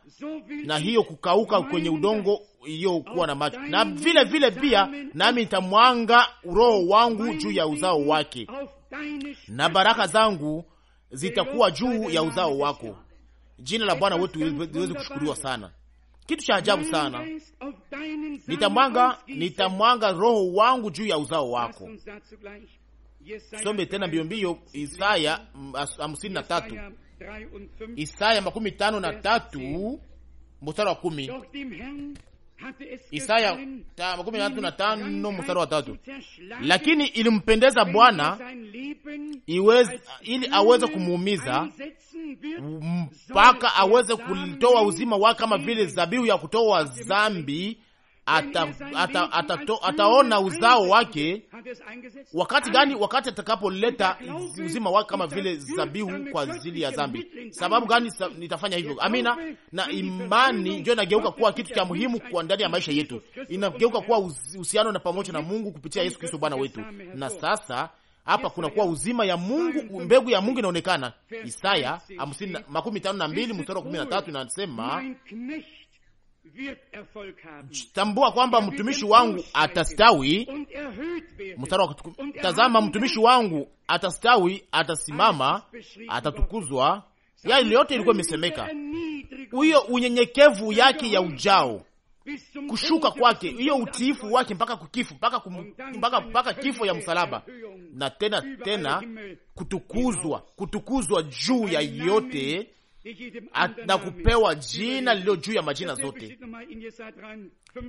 na hiyo kukauka kwenye udongo iliyokuwa na maji, na vile vile pia nami nitamwanga roho wangu juu ya uzao wake, na baraka zangu zitakuwa juu ya uzao wako. Jina la Bwana wetu liweze kushukuriwa sana kitu cha ajabu sana. Nitamwanga, nitamwanga roho wangu juu ya uzao wako. Some tena mbio mbio, Isaya mm, hamsini na tatu, Isaya makumi tano na tatu mstari wa kumi. Isaya makumi tatu na tano mstari wa tatu. Lakini ilimpendeza Bwana ili aweze kumuumiza mpaka aweze er kutoa uzima wake kama vile zabihu ya kutoa zambi ataona ata, ata, ata uzao wake wakati gani? Wakati atakapoleta uzima wake kama vile zabihu kwa ajili ya zambi Sababu gani nitafanya hivyo? Amina. Na imani ndio inageuka kuwa kitu cha muhimu kwa ndani ya maisha yetu, inageuka kuwa uhusiano na pamoja na Mungu kupitia Yesu Kristo Bwana wetu. Na sasa hapa kuna kuwa uzima ya Mungu, mbegu ya Mungu inaonekana. Isaya makumi tano na mbili mstari wa kumi na tatu inasema tambua kwamba er mtumishi er wangu atastawi. Mstari wa tazama, mtumishi wangu atastawi, atasimama, atatukuzwa. Yale yote ilikuwa imesemeka, huyo unyenyekevu yake ya ujao, kushuka kwake, hiyo utiifu wake mpaka kukifu, mpaka kum, mpaka, mpaka kifo ya msalaba, na tena tena kutukuzwa, kutukuzwa juu ya yote na kupewa jina lililo juu ya majina zote,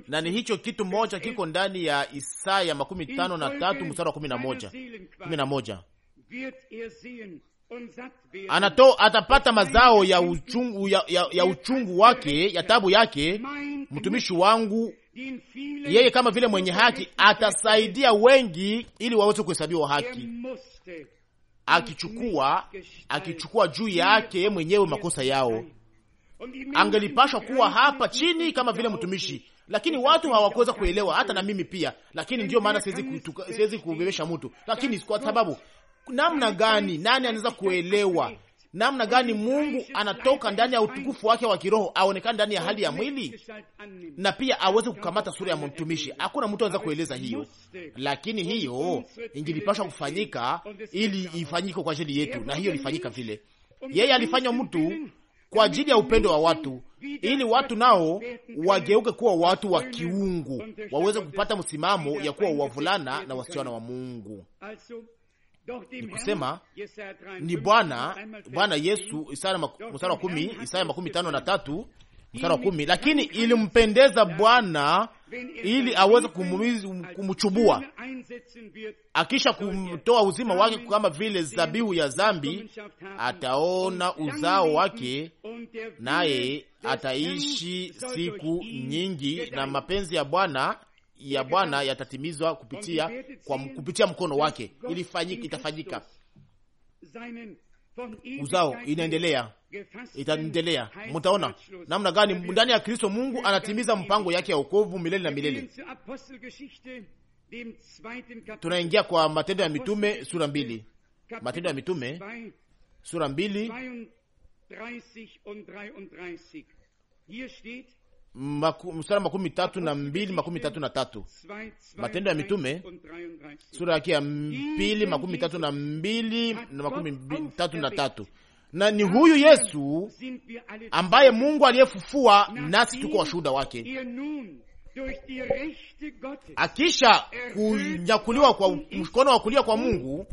na ni hicho kitu moja kiko ndani ya Isaya makumi tano na tatu mstari wa kumi na moja kumi na moja anato atapata mazao ya uchungu, ya, ya, ya uchungu wake ya tabu yake, mtumishi wangu yeye, kama vile mwenye haki atasaidia wengi ili waweze kuhesabiwa haki akichukua akichukua juu yake mwenyewe makosa yao. Angelipashwa kuwa hapa chini kama vile mtumishi, lakini watu hawakuweza kuelewa, hata na mimi pia. Lakini ndio maana siwezi siwezi kubebesha mtu, lakini kwa sababu namna gani, nani anaweza kuelewa namna gani Mungu anatoka ndani ya utukufu wake wa kiroho aonekane ndani ya hali ya mwili, na pia aweze kukamata sura ya mtumishi. Hakuna mtu anaweza kueleza hiyo, lakini hiyo ingilipashwa kufanyika ili ifanyike kwa ajili yetu, na hiyo ilifanyika vile. Yeye alifanywa mtu kwa ajili ya upendo wa watu, ili watu nao wageuke kuwa watu wa kiungu, waweze kupata msimamo ya kuwa wavulana na wasichana wa Mungu nikusema ni Bwana Bwana Yesu, mstari wa kumi, Isaya makumi tano na tatu mstari wa kumi, lakini ilimpendeza Bwana ili aweze kumchubua akisha kumtoa uzima wake kama vile zabihu ya zambi, ataona uzao wake, naye ataishi siku nyingi, na mapenzi ya Bwana ya Bwana yatatimizwa kupitia kwa kupitia mkono wake, ilifanyika itafanyika. Uzao inaendelea itaendelea, mtaona namna gani ndani ya Kristo Mungu anatimiza mpango yake ya wokovu milele na milele. Tunaingia kwa Matendo ya Mitume sura mbili, Matendo ya Mitume sura mbili mstari makumi tatu na mbili makumi tatu na tatu Matendo ya Mitume sura yake ya pili makumi tatu na mbili na makumi tatu na tatu na ni huyu Yesu ambaye Mungu aliyefufua, nasi tuko washuhuda wake. Akisha kunyakuliwa kwa mkono wa kulia kwa Mungu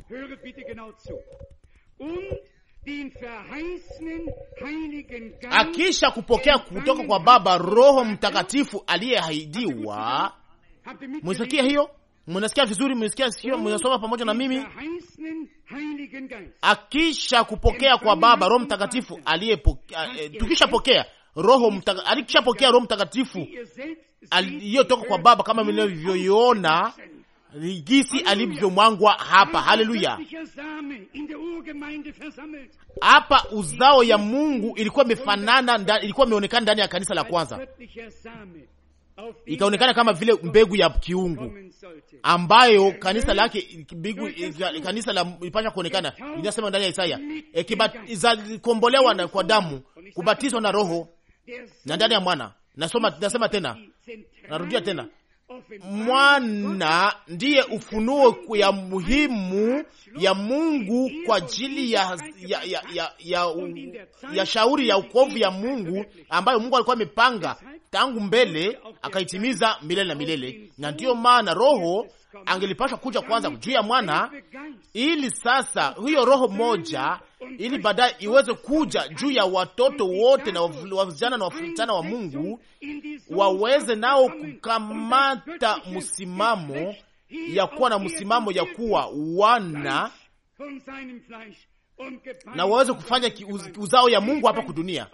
akisha kupokea kutoka kwa Baba Roho Mtakatifu aliyeahidiwa. Mwisikia hiyo? Mnasikia vizuri? Mnasikia sio? Mnasoma pamoja na mimi? Akisha kupokea kwa Baba Roho Mtakatifu aliyepokea, eh, eh, tukisha pokea Roho Mtakatifu, alikisha pokea Roho Mtakatifu aliyotoka kwa Baba kama mlivyoiona jinsi alivyomwangwa hapa. Haleluya! Hapa uzao ya Mungu ilikuwa imefanana, ilikuwa imeonekana ndani ya kanisa la kwanza, ikaonekana kama vile mbegu ya kiungu ambayo kanisa lake mbegu, kanisa la ipasha kuonekana. Inasema ndani ya Isaya kombolewa e, kwa damu, kubatizwa na Roho na ndani ya mwana. Nasoma, nasema tena, narudia tena mwana ndiye ufunuo ya muhimu ya Mungu kwa ajili ya, ya, ya, ya, ya, ya, ya shauri ya ukovu ya Mungu ambayo Mungu alikuwa amepanga tangu mbele akaitimiza milele na milele, na ndiyo maana Roho angelipashwa kuja kwanza juu ya mwana, ili sasa hiyo roho moja, ili baadaye iweze kuja juu ya watoto wote na wavijana na wafutana wa Mungu, waweze nao kukamata msimamo ya kuwa na msimamo ya kuwa wana na waweze kufanya uzao ya Mungu hapa kudunia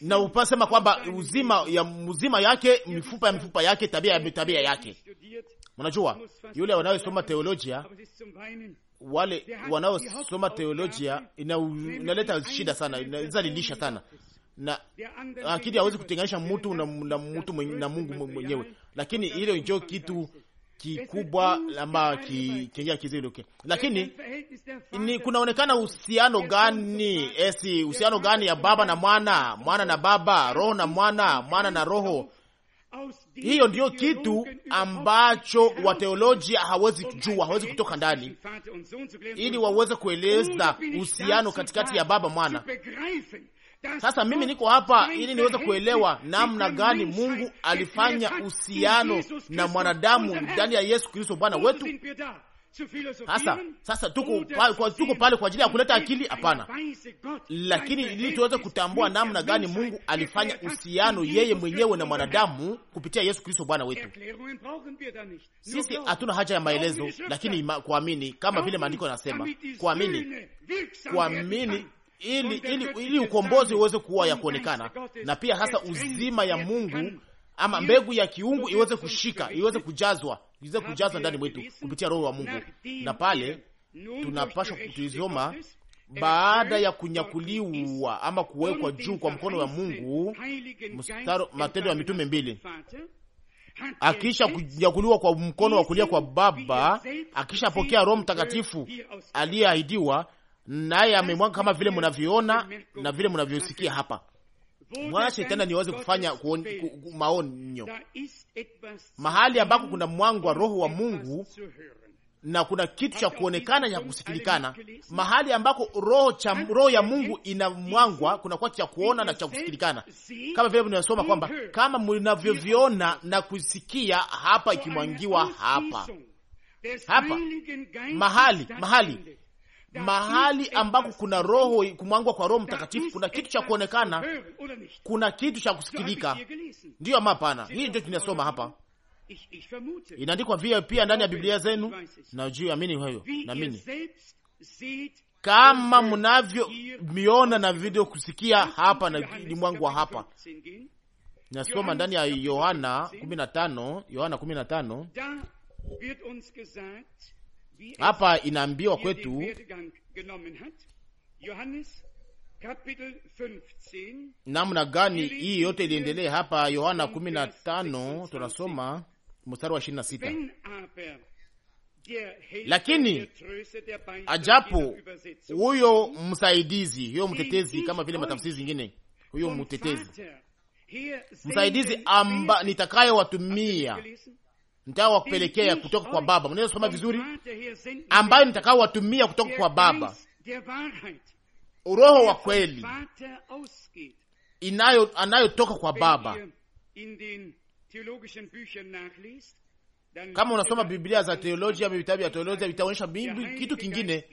na upasema kwamba uzima ya mzima yake, mifupa ya mifupa yake, tabia ya tabia yake. Mnajua yule wanayosoma teolojia, wale wanaosoma teolojia inaleta ina shida sana, lilisha sana na akili hawezi kutenganisha mtu na, na, mtu na Mungu mwenyewe, lakini ile njo kitu kikubwa ambayo kikiingia kiziluke, lakini ni kunaonekana uhusiano gani esi, uhusiano gani ya baba na mwana, mwana na baba, roho na mwana, mwana na roho. Hiyo ndiyo kitu ambacho wateolojia hawezi kujua, hawezi kutoka ndani, ili waweze kueleza uhusiano katikati ya baba mwana sasa mimi niko hapa ili niweze kuelewa namna gani Mungu alifanya uhusiano na mwanadamu ndani ya Yesu Kristo Bwana wetu. Sasa sasa tuko kwa, tuko pale kwa ajili ya kuleta akili? Hapana, lakini ili tuweze kutambua namna gani Mungu alifanya uhusiano yeye mwenyewe na mwanadamu kupitia Yesu Kristo Bwana wetu. Sisi hatuna haja ya maelezo, lakini kuamini, kama vile maandiko yanasema, kuamini, kuamini ili ili ili ukombozi uweze kuwa ya kuonekana, na pia hasa uzima ya Mungu ama mbegu ya kiungu iweze kushika, iweze kujazwa, iweze kujazwa ndani mwetu kupitia roho wa Mungu. Na pale tunapashwa kutuizoma baada ya kunyakuliwa ama kuwekwa juu kwa mkono wa Mungu, mstaro Matendo ya Mitume mbili akisha kunyakuliwa kwa mkono wa kulia kwa Baba, akishapokea Roho Mtakatifu aliyeahidiwa, naye amemwaga kama vile mnavyoona na vile mnavyosikia hapa. Mwache tena niweze kufanya maonyo mahali ambako kuna mwangwa wa Roho wa Mungu na kuna kitu cha kuonekana cha kusikilikana. Mahali ambako roho cha roho ya Mungu inamwangwa, kwa cha kuona na cha kusikilikana, kama vile mnasoma kwamba kama mnavyoviona na kusikia hapa ikimwangiwa hapa hapa mahali mahali mahali ambako kuna roho kumwangwa kwa Roho Mtakatifu, kuna kitu cha kuonekana, kuna kitu cha kusikilika. Ndiyo ama hapana? Hii ndio tunasoma hapa, inaandikwa via pia ndani ya Biblia zenu, na juu amini hayo, naamini kama mnavyo miona na video kusikia hapa na mwangu wa hapa. Nasoma ndani ya Yohana 15, Yohana 15 hapa inaambiwa kwetu namna gani hii yote iliendelea. Hapa Yohana 15 tunasoma mstari wa 26, lakini ajapo huyo msaidizi, huyo mtetezi, kama vile matafsiri zingine, huyo mtetezi msaidizi amba nitakaye watumia mtao kutoka kwa Baba, mnaweza soma vizuri, ambayo nitakaowatumia kutoka kwa Baba, Roho wa kweli inayo anayotoka kwa Baba. Kama unasoma Biblia za teolojia, vitabu vya teolojia vitaonyesha kitu kingine.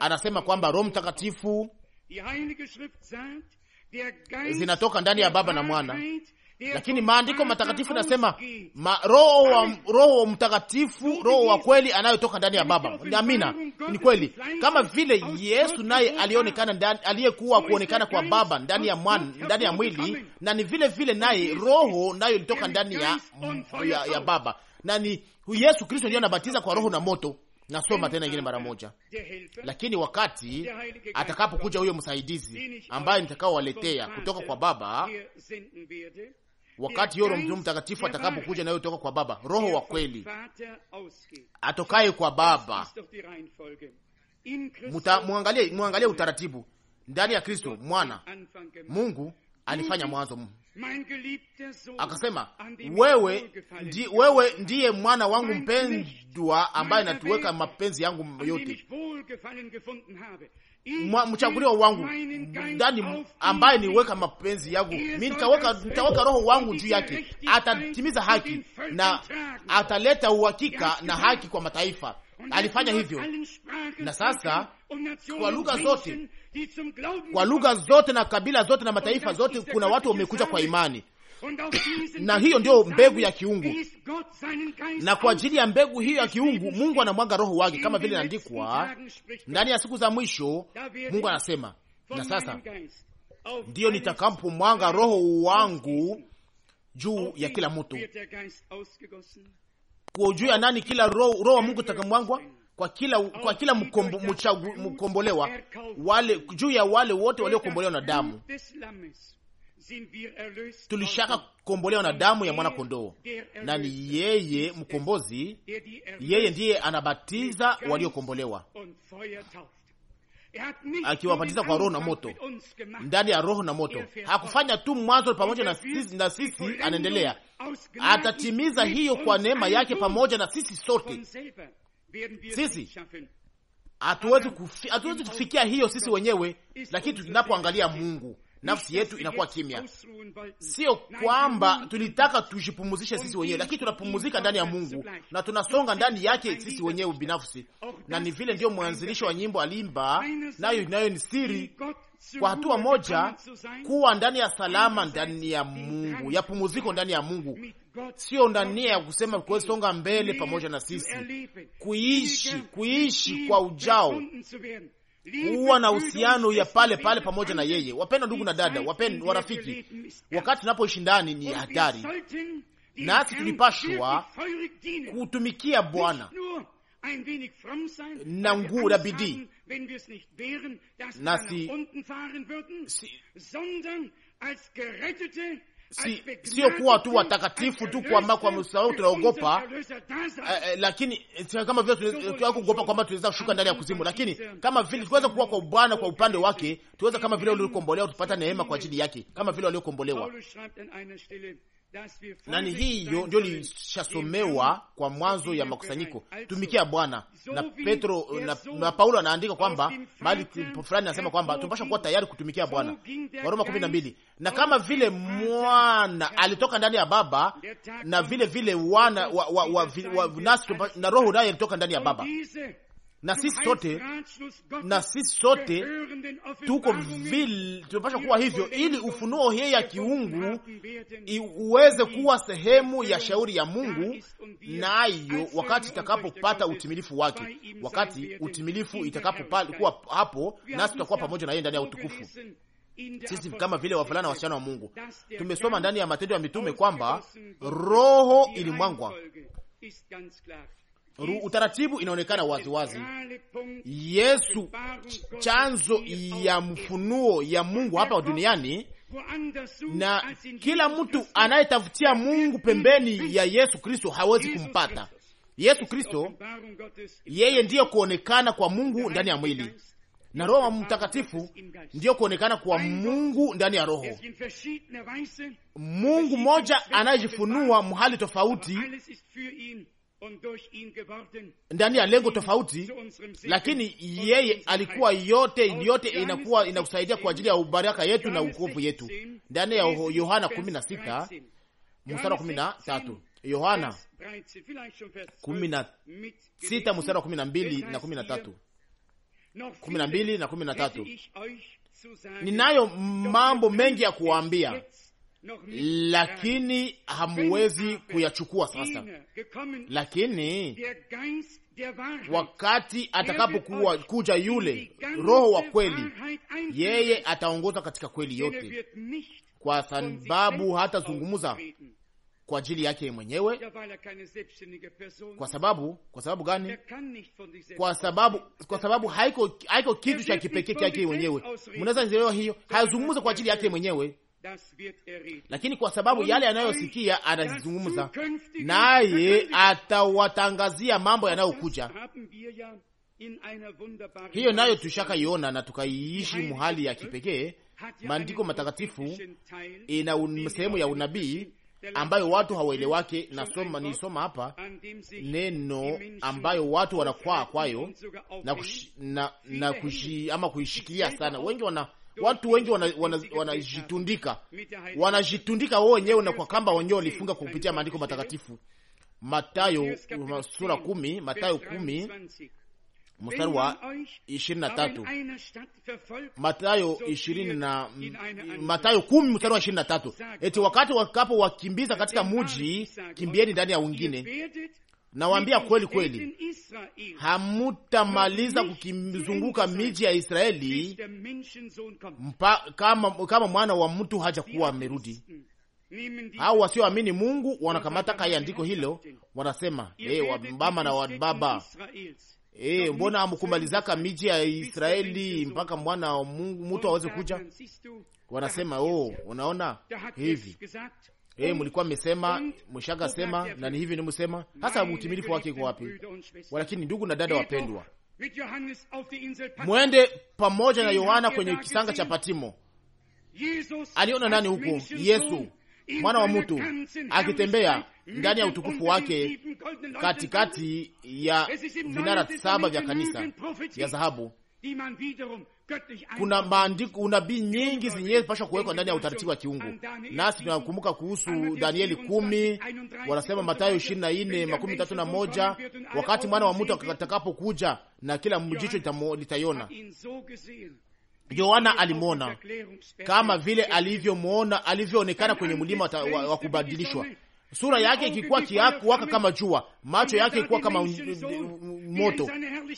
Anasema kwamba Roho Mtakatifu zinatoka ndani ya Baba na Mwana lakini maandiko matakatifu nasema ma, roho wa roho mtakatifu roho wa kweli anayotoka ndani ya Baba. Amina, ni kweli, kama vile Yesu naye alionekana, aliyekuwa kuonekana kwa Baba ndani ya mwan, ndani ya mwili, na ni vile vile naye roho nayo ilitoka ndani ya, ya, ya Baba, na ni Yesu Kristo ndiye anabatiza kwa roho na moto. Nasoma tena ingine mara moja, lakini wakati atakapokuja huyo msaidizi ambaye nitakaowaletea kutoka kwa Baba wakati yoro mtu mtakatifu atakapokuja nayo toka kwa Baba, roho wa kweli atokaye kwa Baba. Mwangalie, utaratibu ndani ya Kristo mwana Mungu alifanya mwanzo akasema, wewe, ndi, wewe ndiye mwana wangu mpendwa ambaye natuweka mapenzi yangu yote mchaguliwa wangu ndani, ambaye niweka mapenzi yangu mi nitaweka nitaweka roho wangu juu yake. Atatimiza haki na ataleta uhakika na haki kwa mataifa. Alifanya hivyo, na sasa kwa lugha zote, kwa lugha zote na kabila zote na mataifa zote, kuna watu wamekuja kwa imani na hiyo ndio mbegu ya kiungu, na kwa ajili ya mbegu hiyo ya kiungu Mungu anamwaga roho wake, kama vile inaandikwa ndani ya siku za mwisho. Mungu anasema, na sasa ndiyo nitakapomwanga roho wangu juu ya kila mtu. Kwa juu ya nani? Kila roho roho wa Mungu takamwangwa kwa kila kwa kila mkombo, mchagu, mkombolewa wale juu ya wale wote waliokombolewa na damu tulishaka kukombolewa na damu ya mwana kondoo, na ni yeye mkombozi. Yeye ndiye anabatiza waliokombolewa akiwabatiza kwa roho na moto, ndani ya roho na moto. Hakufanya tu mwanzo pamoja na sisi, na sisi anaendelea, atatimiza hiyo kwa neema yake pamoja na sisi sote. Sisi hatuwezi kufi, kufikia hiyo sisi wenyewe, lakini tunapoangalia Mungu nafsi yetu inakuwa kimya. Sio kwamba tulitaka tujipumuzishe sisi wenyewe, lakini tunapumuzika ndani ya Mungu na tunasonga ndani yake sisi wenyewe binafsi, na ni vile ndiyo mwanzilishi wa nyimbo alimba nayo, nayo ni siri kwa hatua moja kuwa ndani ya salama ndani ya Mungu, ya pumuziko ndani ya Mungu, sio ndania ya kusema kuwesonga mbele pamoja na sisi, kuishi kuishi kwa ujao huwa na uhusiano ya pale pale pamoja na yeye. Wapenda ndugu na dada, wapenda warafiki, wakati tunapoishi ndani ni hatari, nasi tulipashwa kutumikia Bwana na nguu na bidii nasi si, sio kuwa tu watakatifu tu, kwa kwa sababu tunaogopa, eh, eh, lakini kama vile kuogopa kwamba tunaweza kushuka ndani ya kuzimu, lakini kama vile tuweza kuwa kwa Bwana kwa upande wake, tuweza kama vile waliokombolewa tupata neema kwa ajili yake, kama vile waliokombolewa nani, hiyo ndio lishasomewa kwa mwanzo ya makusanyiko, tumikia Bwana. Na Petro na, na Paulo anaandika kwamba mali fulani anasema kwamba tumpasha kuwa tayari kutumikia Bwana, Waroma 12. Na kama vile mwana alitoka ndani ya baba na vile vile wana wa, wa, wa, wa, wa, nasi, na roho naye alitoka ndani ya baba na sisi sote na sisi sote tuko vile tumepasha kuwa hivyo, ili ufunuo hii ya kiungu uweze kuwa sehemu ya shauri ya Mungu, nayo wakati itakapopata utimilifu wake, wakati utimilifu itakapokuwa hapo, nasi tutakuwa pamoja na yeye ndani ya utukufu, sisi kama vile wavulana wasichana wa Mungu. Tumesoma ndani ya Matendo ya Mitume kwamba roho ilimwangwa utaratibu inaonekana waziwazi wazi. Yesu chanzo ya mfunuo ya Mungu hapa duniani, na kila mtu anayetafutia Mungu pembeni ya Yesu Kristo hawezi kumpata. Yesu Kristo yeye ndiyo kuonekana kwa Mungu ndani ya mwili, na Roho Mtakatifu ndiyo kuonekana kwa Mungu ndani ya roho. Mungu mmoja anayejifunua mhali tofauti ndani ya lengo tofauti, lakini yeye alikuwa yote yote inakuwa inakusaidia kwa ajili ya ubaraka yetu na ukovu yetu. Ndani ya Yohana 16 mstari wa 13, Yohana 16 mstari wa 12 na 13, 12 na 13, ninayo mambo mengi ya kuwaambia lakini hamuwezi kuyachukua sasa. Lakini wakati atakapokuwa kuja yule Roho wa kweli, yeye ataongoza katika kweli yote, kwa sababu hatazungumza kwa ajili yake mwenyewe. Kwa sababu kwa sababu gani? Kwa sababu kwa sababu haiko haiko kitu cha kipekee chake mwenyewe. Mnaweza elewa hiyo, hayazungumza kwa ajili yake mwenyewe lakini kwa sababu yale yanayosikia anazizungumza, naye atawatangazia mambo yanayokuja. Hiyo nayo tushakaiona na tukaiishi muhali ya kipekee. Maandiko Matakatifu ina sehemu ya unabii ambayo watu hawaelewake. Nasoma nisoma hapa neno ambayo watu wanakwaa kwayo na, kushi, na, na kushi, ama kuishikilia sana. Wengi wana Watu wengi wanajitundika, wana, wanajitundika wao wenyewe na kwa kamba wenyewe walifunga kupitia maandiko matakatifu. Matayo uh, sura kumi, Matayo kumi mstari wa ishirini na tatu Matayo ishirini na Matayo kumi mstari wa ishirini na tatu eti wakati wakapo wakimbiza katika muji, kimbieni ndani ya wengine, Nawaambia kweli kweli, hamutamaliza kukizunguka miji ya Israeli mpa, kama, kama mwana wa mtu hajakuwa amerudi. Hao wasioamini Mungu wanakamata kaya andiko hilo, wanasema hey, eh, wamama na wababa Hey, eh, mbona amukumalizaka miji ya Israeli mpaka mwana wa mtu aweze kuja? Wanasema oh, unaona hivi Eh, mlikuwa mmesema mshaka sema na ni hivi nimesema hasa, utimilifu wake iko wapi? Walakini ndugu na dada wapendwa, mwende pamoja na Yohana kwenye kisanga cha Patimo. Aliona nani huko? Yesu mwana wa mtu akitembea ndani ya utukufu wake katikati ya vinara saba vya kanisa ya dhahabu kuna maandiko unabii nyingi zinepashwa kuwekwa ndani ya utaratibu wa kiungu. Nasi tunakumbuka kuhusu Danieli kumi, wanasema Mathayo ishirini na nne makumi tatu na moja wakati mwana wa mtu atakapokuja na kila mjicho litaiona. Yohana alimwona kama vile alivyomwona alivyoonekana kwenye mlima wa, wa kubadilishwa. Sura yake ikikuwa kiwaka kama jua, macho yake ikikuwa kama moto.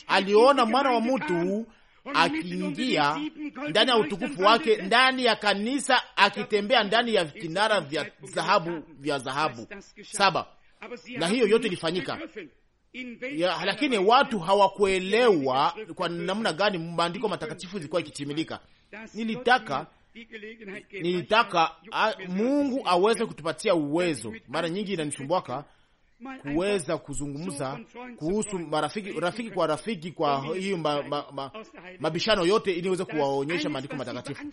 Aliona mwana wa mtu akiingia ndani ya utukufu wake, ndani ya kanisa, akitembea ndani ya vinara vya dhahabu vya dhahabu saba, na hiyo yote ilifanyika ya, lakini watu hawakuelewa kwa namna gani maandiko matakatifu zilikuwa ikitimilika. Nilitaka nilitaka a, Mungu aweze kutupatia uwezo. Mara nyingi inanisumbwaka kuweza kuzungumza kuhusu marafiki, rafiki kwa rafiki, kwa hiyo ma, ma, ma, mabishano yote ili weze kuwaonyesha maandiko matakatifu,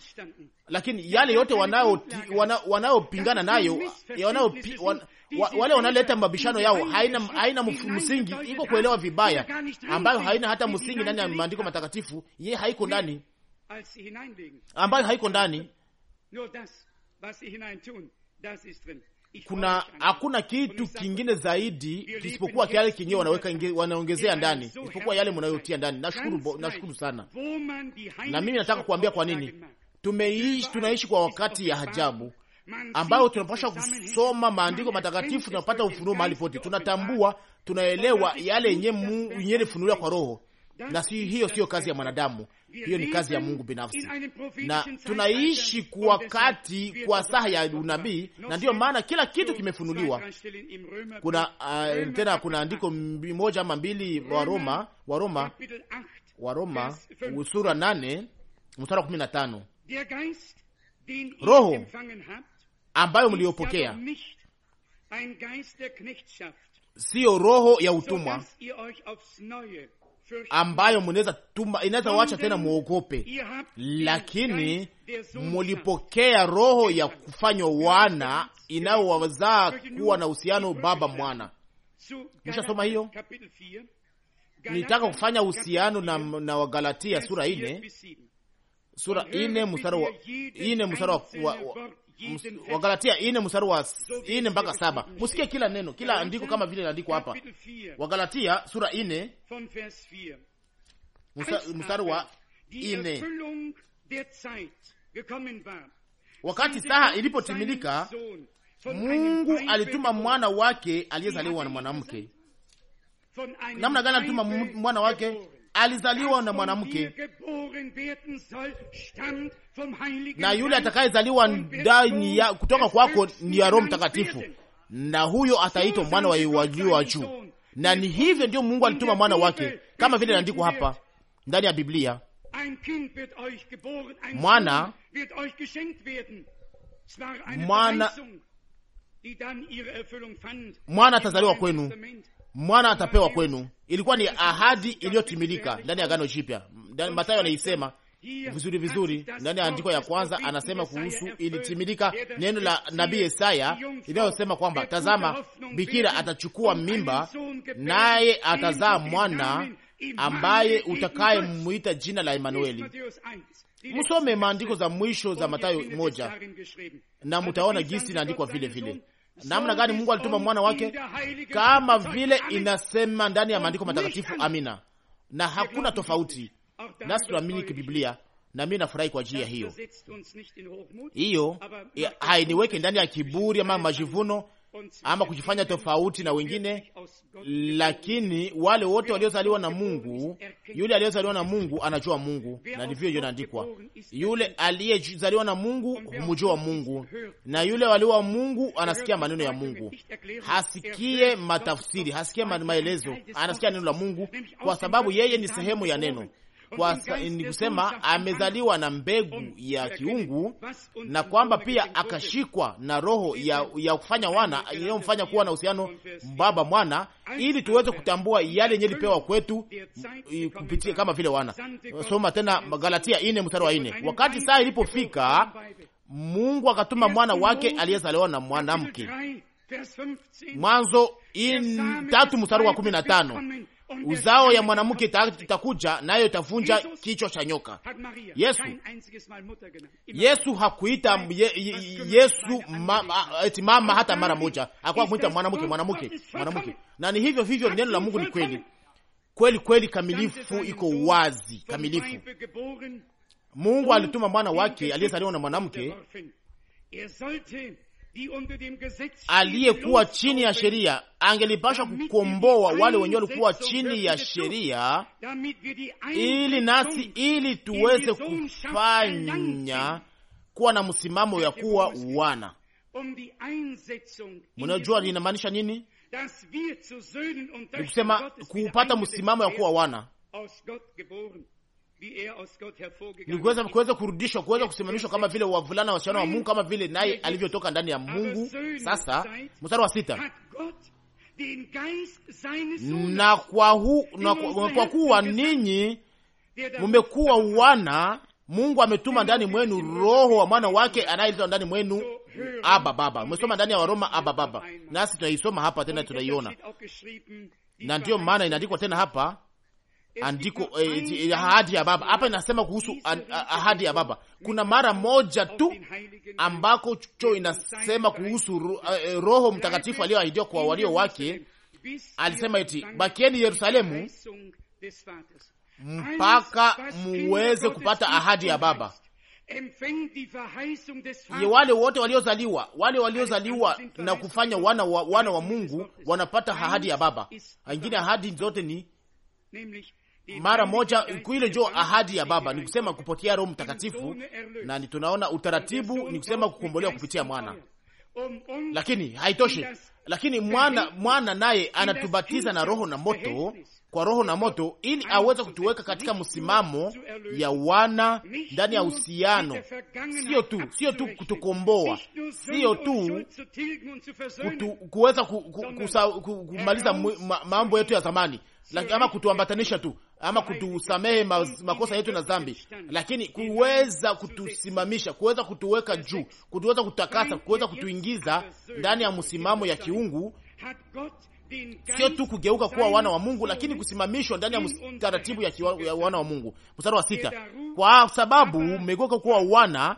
lakini yale yote wanayopingana wana, nayo wanayo wale wanaleta mabishano yao haina, haina msingi, iko kuelewa vibaya ambayo haina hata msingi ndani ya maandiko matakatifu, ye haiko ndani, ambayo haiko ndani kuna hakuna kitu kingine zaidi kisipokuwa yale kingine wanaweka wanaongezea ndani isipokuwa yale mnayotia ndani. Nashukuru, nashukuru sana. Na mimi nataka kuambia kwa nini tumeishi, tunaishi kwa wakati ya ajabu ambayo tunapasha kusoma maandiko matakatifu, tunapata ufunuo mahali pote, tunatambua, tunaelewa yale yenye yenye lifunuliwa kwa Roho, na si hiyo, sio kazi ya mwanadamu hiyo ni kazi ya Mungu binafsi, na tunaishi kwa wakati, kwa saha ya unabii, na ndiyo maana kila kitu kimefunuliwa. Kuna uh, tena kuna andiko moja ama mbili wa Roma, wa Roma, wa Roma sura nane mstari wa kumi na tano roho ambayo mliopokea siyo roho ya utumwa ambayo mnaweza tuma inaweza wacha tena muogope, lakini mulipokea roho ya kufanywa wana inayowazaa kuwa na uhusiano baba mwana. Mshasoma hiyo, nitaka kufanya uhusiano na, na Wagalatia sura ine sura ine mstari wa, ine mstari wa, wa, wa, Wagalatia ine mstari wa ine mpaka saba. Musikie kila neno, kila andiko kama vile inaandikwa hapa. Wagalatia sura ine mstari wa ine. Wakati saha ilipotimilika, Mungu alituma mwana wake aliyezaliwa na mwanamke. Namna gani alituma mwana wake? alizaliwa na mwanamke, na yule atakayezaliwa ndani ya kutoka kwako ni ya Roho Mtakatifu, na huyo ataitwa mwana wa juu wa juu. Na ni hivyo ndio Mungu alituma mwana wake, kama vile inaandikwa hapa ndani ya Biblia, mwana mwana mwana atazaliwa kwenu mwana atapewa kwenu. Ilikuwa ni ahadi iliyotimilika ndani ya Agano Jipya. Matayo anaisema vizuri vizuri ndani ya andiko ya kwanza, anasema kuhusu ilitimilika neno la nabii Yesaya inayosema kwamba tazama, bikira atachukua mimba, naye atazaa mwana ambaye utakayemwita jina la Emanueli. Msome maandiko za mwisho za Matayo moja na mutaona gisi inaandikwa vile vile namna gani Mungu alituma mwana wake, kama vile inasema ndani ya maandiko matakatifu. Amina, na hakuna tofauti, nasi tunaamini kibiblia na mi nafurahi kwa ajili ya hiyo hiyo. Hainiweke ndani ya kiburi ama majivuno, ama kujifanya tofauti na wengine, lakini wale wote waliozaliwa na Mungu, yule aliyezaliwa na Mungu anajua Mungu, na ndivyo hiyo inaandikwa, yule aliyezaliwa na Mungu humjua Mungu, na yule waliwa Mungu anasikia maneno ya Mungu. Hasikie matafsiri, hasikie maelezo, anasikia neno la Mungu, kwa sababu yeye ni sehemu ya neno kwa ni kusema amezaliwa na mbegu ya kiungu, na kwamba pia akashikwa na roho ya, ya kufanya wana inayomfanya kuwa na uhusiano baba mwana, ili tuweze kutambua yale yenye lipewa kwetu kupitia kama vile wana. Soma tena Galatia ine mstari wa ine. Wakati saa ilipofika Mungu akatuma mwana wake aliyezaliwa na mwanamke. Mwanzo in, tatu mstari wa kumi na tano uzao ya mwanamke itakuja nayo itavunja kichwa cha nyoka. Yesu Yesu hakuita ye, Yesu ma, eti mama hata mara moja, akuwa kumwita mwanamke mwanamke mwanamke. Na ni hivyo vivyo, neno la Mungu ni kweli kweli kweli, kamilifu, iko wazi kamilifu. Mungu alituma mwana wake aliyezaliwa na mwanamke aliyekuwa chini ya sheria angelipasha kukomboa wale wenyewe walikuwa chini ya sheria, ili nasi ili tuweze kufanya kuwa na msimamo ya kuwa wana. Mnajua linamaanisha nini? Ni kusema kupata msimamo ya kuwa wana ni kuweza kuweza kurudishwa, kuweza kusimamishwa kama vile wavulana wasichana wa Mungu, kama vile naye alivyotoka ndani ya Mungu. Sasa mstari wa sita na kwa, hu, na kwa, kwa kuwa ninyi mmekuwa wana Mungu ametuma ndani mwenu roho wa mwana wake anayeitwa ndani mwenu Aba Baba. Umesoma ndani ya Waroma Aba Baba, nasi tunaisoma hapa tena tunaiona, na ndiyo maana inaandikwa tena hapa andiko eh, eh, eh, ahadi ya Baba. Hapa inasema kuhusu ahadi ya Baba. Kuna mara moja tu ambako cho inasema kuhusu Roho Mtakatifu aliyoahidiwa kwa walio wake. Alisema eti bakieni Yerusalemu mpaka muweze kupata ahadi ya Baba. Ye wale wote waliozaliwa, wale waliozaliwa na kufanya wana wa, wana wa Mungu wanapata ahadi ya Baba. Ingine ahadi zote ni mara moja kuile jo ahadi ya Baba, ni kusema kupotea Roho Mtakatifu, na ni tunaona utaratibu, ni kusema kukombolewa kupitia mwana. Lakini haitoshi, lakini mwana mwana naye anatubatiza na roho na moto, kwa roho na moto, ili aweze kutuweka katika msimamo ya wana ndani ya uhusiano, sio tu sio tu kutukomboa, sio tu kuweza kumaliza mambo yetu ya zamani ama kutuambatanisha tu, ama kutusamehe makosa yetu na dhambi, lakini kuweza kutusimamisha, kuweza kutuweka juu, kutuweza kutakasa, kuweza kutuingiza ndani ya msimamo ya kiungu, sio tu kugeuka kuwa wana wa Mungu, lakini kusimamishwa ndani ya taratibu ya, ya wana wa Mungu. Mstari wa sita, kwa sababu mmegeuka kuwa wana,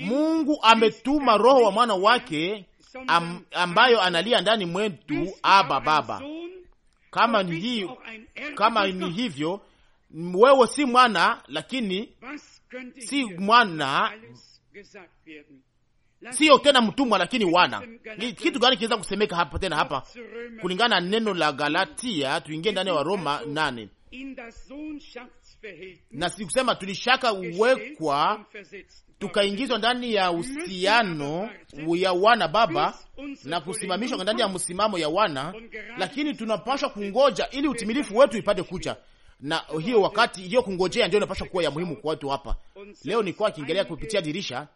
Mungu ametuma Roho wa mwana wake am, ambayo analia ndani mwetu, Aba Baba. Kama ni hii, kama ni hivyo, wewe si mwana, lakini si mwana siyo tena mtumwa, lakini wana. Kitu gani kinaweza kusemeka hapa tena hapa, kulingana na neno la Galatia? Tuingie ndani ya roma nane na sikusema tulishaka uwekwa tukaingizwa ndani ya uhusiano ya wana baba na kusimamishwa ndani ya msimamo ya wana, lakini tunapaswa kungoja ili utimilifu wetu ipate kuja, na hiyo wakati hiyo kungojea ndio inapaswa kuwa ya muhimu kwa watu hapa leo. Nilikuwa akiingelea kupitia dirisha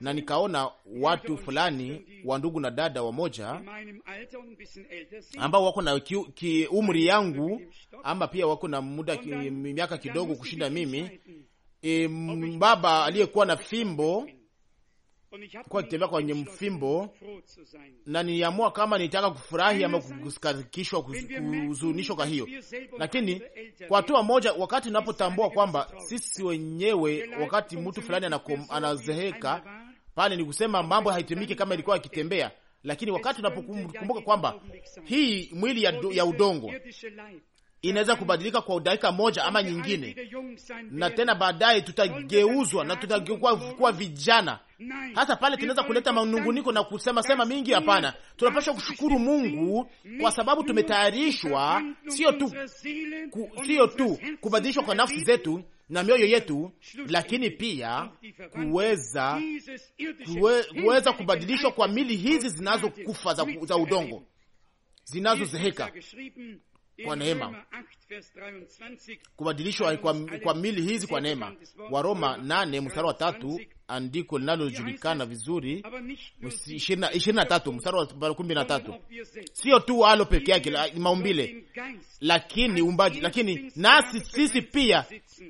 na nikaona watu fulani wa ndugu na dada wamoja ambao wako na ki, ki umri yangu ama pia wako na muda ki, miaka kidogo kushinda mimi e, baba aliyekuwa na fimbo kuwa kitembea kwenye mfimbo, na niliamua kama nitaka kufurahi ama kusikikishwa, kuhuzunishwa. Kwa hiyo lakini, kwa hatua moja, wakati unapotambua kwamba sisi wenyewe, wakati mtu fulani anazeheka pale, ni kusema mambo haitumiki kama ilikuwa akitembea, lakini wakati unapokumbuka kwamba hii mwili ya, ya udongo inaweza kubadilika kwa dakika moja ama nyingine, na tena baadaye tutageuzwa na tutakuwa kuwa vijana. Hata pale tunaweza kuleta manunguniko na kusema sema mingi. Hapana, tunapaswa kushukuru Mungu kwa sababu tumetayarishwa, sio tu ku, sio tu kubadilishwa kwa nafsi zetu na mioyo yetu, lakini pia kuweza kuweza kubadilishwa kwa mili hizi zinazokufa za, za udongo zinazozeheka kwa neema, kubadilishwa kwa, kwa mili hizi kwa neema. Wa Roma nane mstari wa tatu, andiko linalojulikana vizuri, ishirini mstari wa 13, na tatu. Sio tu alo peke yake maumbile, lakini umbaji, lakini nasi sisi pia,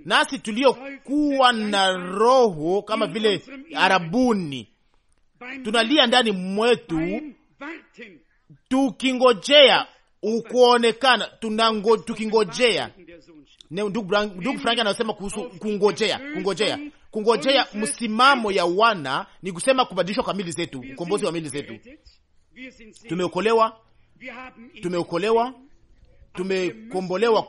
nasi tuliokuwa na roho kama vile arabuni, tunalia ndani mwetu tukingojea ukuonekana, tunango, tukingojea. Ndugu Frank anasema kuhusu kungojea, kungojea, kungojea msimamo ya wana ni kusema kubadilishwa kwa mili zetu, ukombozi wa mili zetu. Tumeokolewa, tumeokolewa tumekombolewa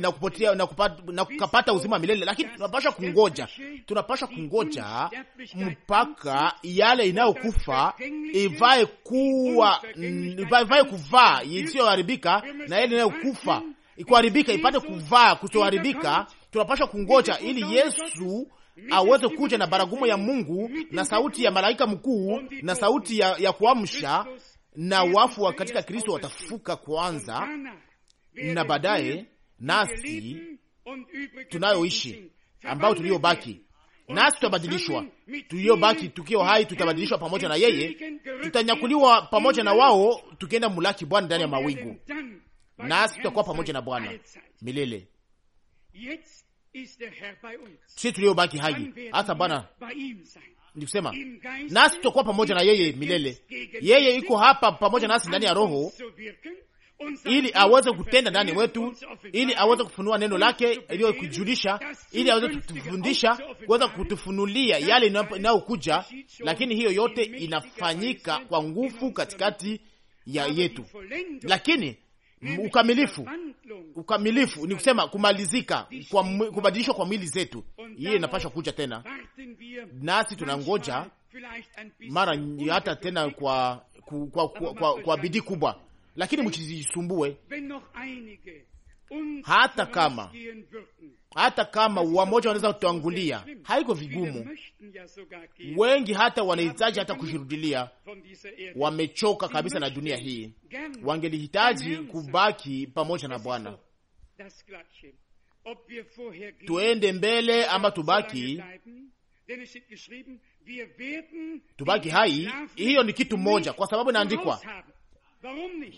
na kupotea na kupata na kupata uzima wa milele, lakini tunapasha kungoja, tunapasha kungoja mpaka yale inayokufa ivae kuwa ivae kuvaa isiyoharibika na yale inayokufa ikuharibika ipate kuvaa kutoharibika. Tunapasha kungoja ili Yesu aweze kuja na baragumu ya Mungu na sauti ya malaika mkuu na sauti ya, ya kuamsha na wafu wa katika Kristo watafuka kwanza, na baadaye nasi tunayoishi ambao tuliyobaki nasi tutabadilishwa, tuliobaki tukiwa hai tutabadilishwa pamoja na yeye, tutanyakuliwa pamoja na wao, tukienda mulaki Bwana ndani ya mawingu, nasi tutakuwa pamoja na Bwana milele. Sisi tuliobaki hai hasa Bwana ni kusema nasi tutakuwa pamoja na yeye milele. Yeye iko hapa pamoja nasi ndani ya Roho ili aweze kutenda ndani wetu, ili aweze kufunua neno lake iliyokujulisha, ili aweze kutufundisha, kuweza kutufunulia yale inayokuja. Lakini hiyo yote inafanyika kwa nguvu katikati ya yetu, lakini ukamilifu, ukamilifu ni kusema kumalizika kwa kubadilishwa kwa mwili zetu, hiyo inapashwa kuja tena, nasi tunangoja mara hata tena kwa, kwa, kwa, kwa, kwa, kwa bidii kubwa lakini msijisumbue, hata kama hata kama wamoja wanaweza kutangulia, haiko vigumu. Wengi hata wanahitaji hata kushirudilia wamechoka kabisa na dunia hii, wangelihitaji kubaki pamoja na Bwana. Tuende mbele ama tubaki tubaki hai, hiyo ni kitu moja, kwa sababu inaandikwa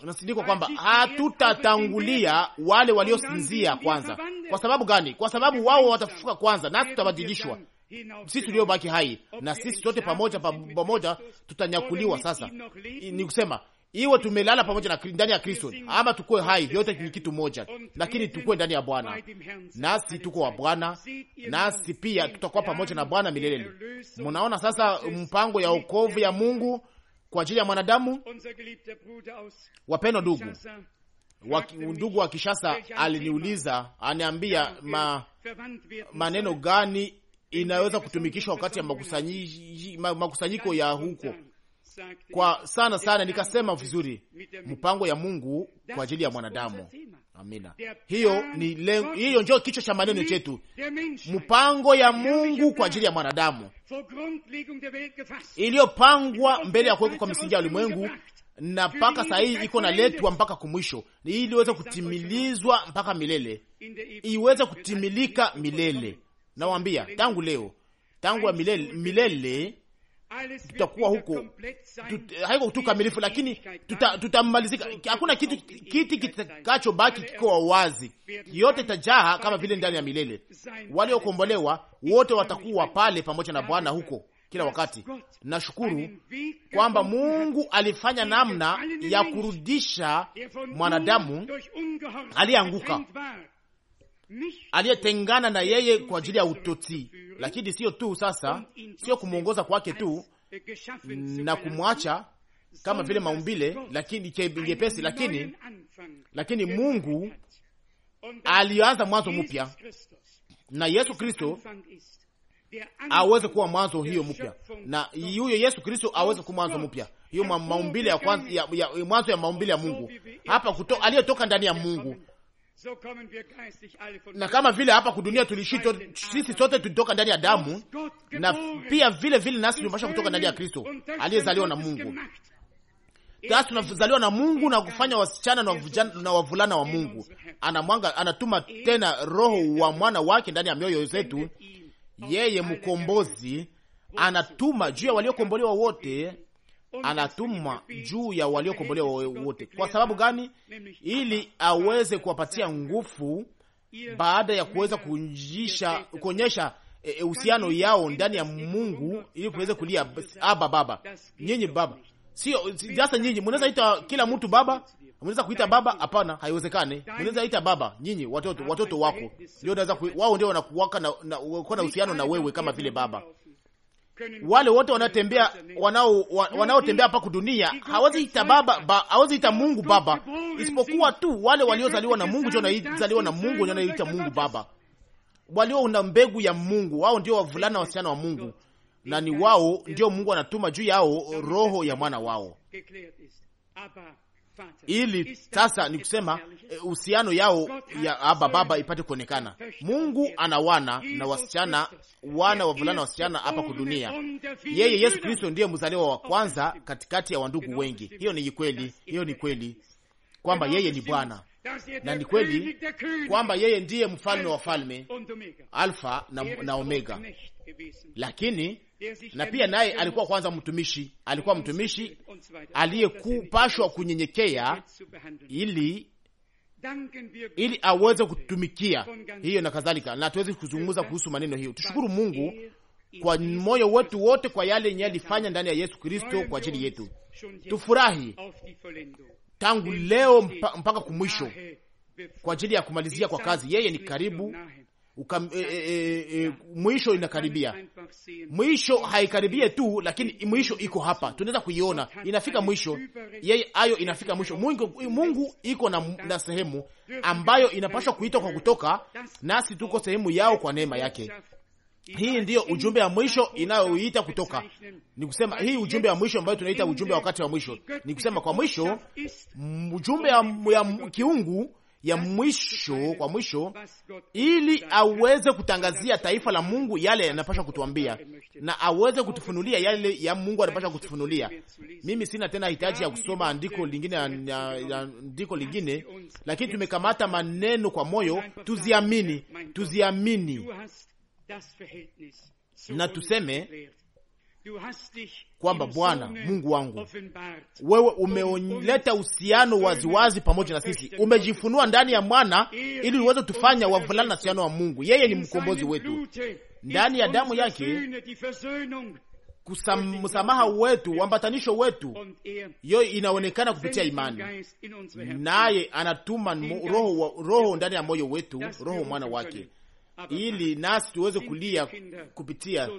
unasindikwa kwamba hatutatangulia wale waliosinzia kwanza. Kwa sababu gani? Kwa sababu wao watafufuka kwanza, nasi tutabadilishwa sisi tuliobaki hai, na sisi sote pamoja pamoja tutanyakuliwa. Sasa ni kusema iwe tumelala pamoja na ndani ya Kristo ama tukuwe hai, vyote ni kitu moja, lakini tukuwe ndani ya Bwana, nasi tuko wa Bwana, nasi pia tutakuwa pamoja na Bwana milele. Munaona sasa mpango ya wokovu ya Mungu kwa ajili ya mwanadamu. Wapendwa ndugu wa, ndugu wa Kishasa aliniuliza aniambia, ma, maneno gani inaweza kutumikishwa wakati ya makusanyiko ya huko kwa sana sana, nikasema vizuri, mpango ya Mungu kwa ajili ya mwanadamu. Amina, hiyo ni lengo, hiyo ndio kichwa cha maneno chetu, mpango ya Mungu kwa ajili ya mwanadamu iliyopangwa mbele ya kuwekwa kwa misingi ya ulimwengu na mpaka saa hii iko na mpaka kumwisho, ili iweze kutimilizwa mpaka milele, iweze kutimilika milele. Nawambia tangu leo, tangu milele, milele tutakuwa huko tut, haiko tu kamilifu, lakini tutamalizika, tuta hakuna kitu kiti kitakachobaki kiko wazi, yote tajaa kama vile ndani ya milele. Waliokombolewa wote watakuwa pale pamoja na Bwana huko kila wakati. Nashukuru kwamba Mungu alifanya namna ya kurudisha mwanadamu aliyeanguka aliyetengana na yeye kwa ajili ya utoti, lakini sio tu sasa, sio kumwongoza kwake tu na kumwacha kama vile maumbile lakini ingepesi, lakini lakini Mungu alianza mwanzo mpya na Yesu Kristo aweze kuwa mwanzo hiyo mpya, na huyo Yesu Kristo aweze kuwa mwanzo mpya hiyo maumbile ya kwanza, mwanzo ya maumbile ya Mungu hapa aliyetoka aliyotoka ndani ya Mungu na kama vile hapa kudunia tuliishi sisi sote tulitoka ndani ya damu, na pia vile vile nasi tulimpasha kutoka ndani ya Kristo aliyezaliwa na Mungu. Nasi er tunazaliwa na Mungu na kufanya wasichana na, na wavulana wa Mungu. Anamwanga, anatuma er tena Roho wa mwana wake ndani ya mioyo zetu. Yeye mkombozi anatuma juu ya waliokombolewa wote anatumwa juu ya waliokombolewa wote. Kwa sababu gani? Ili aweze kuwapatia nguvu baada ya kuweza kuonyesha eh, eh, uhusiano e, yao ndani ya Mungu, ili kuweze kulia aba baba, nyinyi baba. Sio sasa, nyinyi mnaweza ita kila mtu baba, mnaweza kuita baba? Hapana, haiwezekani. Mnaweza ita baba, nyinyi watoto, watoto wako ndio unaweza wao, ndio wanakuwa na uhusiano na, uhusiano na wewe kama vile baba wale wote wanaotembea wanao wanaotembea hapa kudunia ita baba ba, ita Mungu baba, isipokuwa tu wale waliozaliwa na Mungu, ndio wanaizaliwa na Mungu, ndio wanaita Mungu baba, walio una mbegu ya Mungu. Wao ndio wavulana wasichana wa Mungu, na ni wao ndio Mungu anatuma juu yao roho ya mwana wao ili sasa ni kusema eh, uhusiano yao ya aba baba ipate kuonekana. Mungu ana wana na wasichana, wana wavulana wasichana hapa kudunia. Yeye Yesu Kristo ndiye mzaliwa wa kwanza katikati ya wandugu wengi. Hiyo ni kweli, hiyo ni kweli kwamba yeye ni Bwana na ni kweli kwamba yeye ndiye mfalme wa falme, Alfa na, na Omega, lakini na pia naye alikuwa kwanza mtumishi, alikuwa mtumishi aliyekupashwa kunyenyekea ili ili aweze kutumikia hiyo na kadhalika, na tuwezi kuzungumza kuhusu maneno hiyo. Tushukuru Mungu kwa moyo wetu wote kwa yale yenye alifanya ndani ya Yesu Kristo kwa ajili yetu. Tufurahi tangu leo mpaka kumwisho kwa ajili ya kumalizia kwa kazi. Yeye ni karibu Uka, e, e, e, e mwisho inakaribia. Mwisho haikaribie tu, lakini mwisho iko hapa, tunaweza kuiona inafika mwisho. Yeye ayo inafika mwisho. Mungu, Mungu iko na, na sehemu ambayo inapaswa kuitwa kwa kutoka, nasi tuko sehemu yao kwa neema yake. Hii ndiyo ujumbe wa mwisho inayoita kutoka. Ni kusema hii ujumbe wa mwisho ambayo tunaita ujumbe wa wakati wa mwisho, ni kusema kwa mwisho, ujumbe ya, ya kiungu ya mwisho kwa mwisho, ili aweze kutangazia taifa la Mungu yale yanapasha kutuambia na aweze kutufunulia yale ya Mungu anapasha kutufunulia. Mimi sina tena hitaji ya kusoma andiko lingine, andiko lingine, lakini tumekamata maneno kwa moyo, tuziamini, tuziamini na tuseme kwamba Bwana Mungu wangu, wewe umeleta uhusiano waziwazi pamoja na sisi, umejifunua ndani ya mwana ili uweze kutufanya wavulana na uhusiano wa Mungu. Yeye ni mkombozi wetu ndani ya damu yake Kusam, msamaha wetu uambatanisho wetu yo inaonekana kupitia imani, naye anatuma roho, roho ndani ya moyo wetu, roho mwana wake ili nasi tuweze kulia kupitia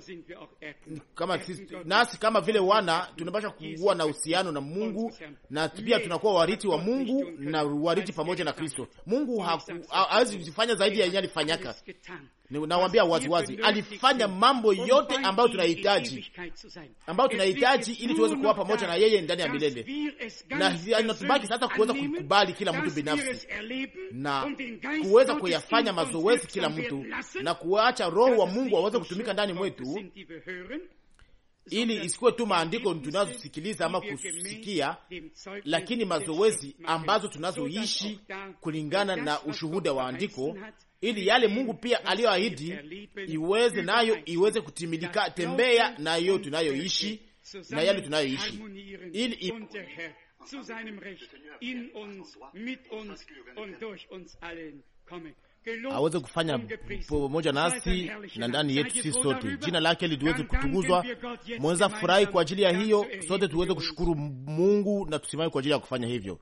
kama sisi, nasi kama vile wana tunapasha kuwa na uhusiano na Mungu, na pia tunakuwa wariti wa Mungu na wariti pamoja na Kristo. Mungu hawezi kujifanya zaidi ya yeye alifanyaka, Nawambia waziwazi, alifanya mambo yote ambayo tunahitaji, ambayo tunahitaji ili tuweze kuwa pamoja na yeye ndani ya milele, na inatubaki sasa kuweza kukubali kila mtu binafsi na kuweza kuyafanya mazoezi kila mtu na kuacha Roho wa Mungu aweze kutumika ndani mwetu ili isikuwe tu maandiko tunazosikiliza ama kusikia, lakini mazoezi ambazo tunazoishi kulingana na ushuhuda wa andiko, ili yale Mungu pia aliyoahidi iweze nayo iweze kutimilika, tembea nayo tunayoishi na yale tunayoishi ili aweze kufanya pamoja nasi na ndani yetu sisi sote, jina lake liweze kutukuzwa. Mweza furahi kwa ajili ya hiyo, sote tuweze kushukuru Mungu na tusimame kwa ajili ya kufanya hivyo.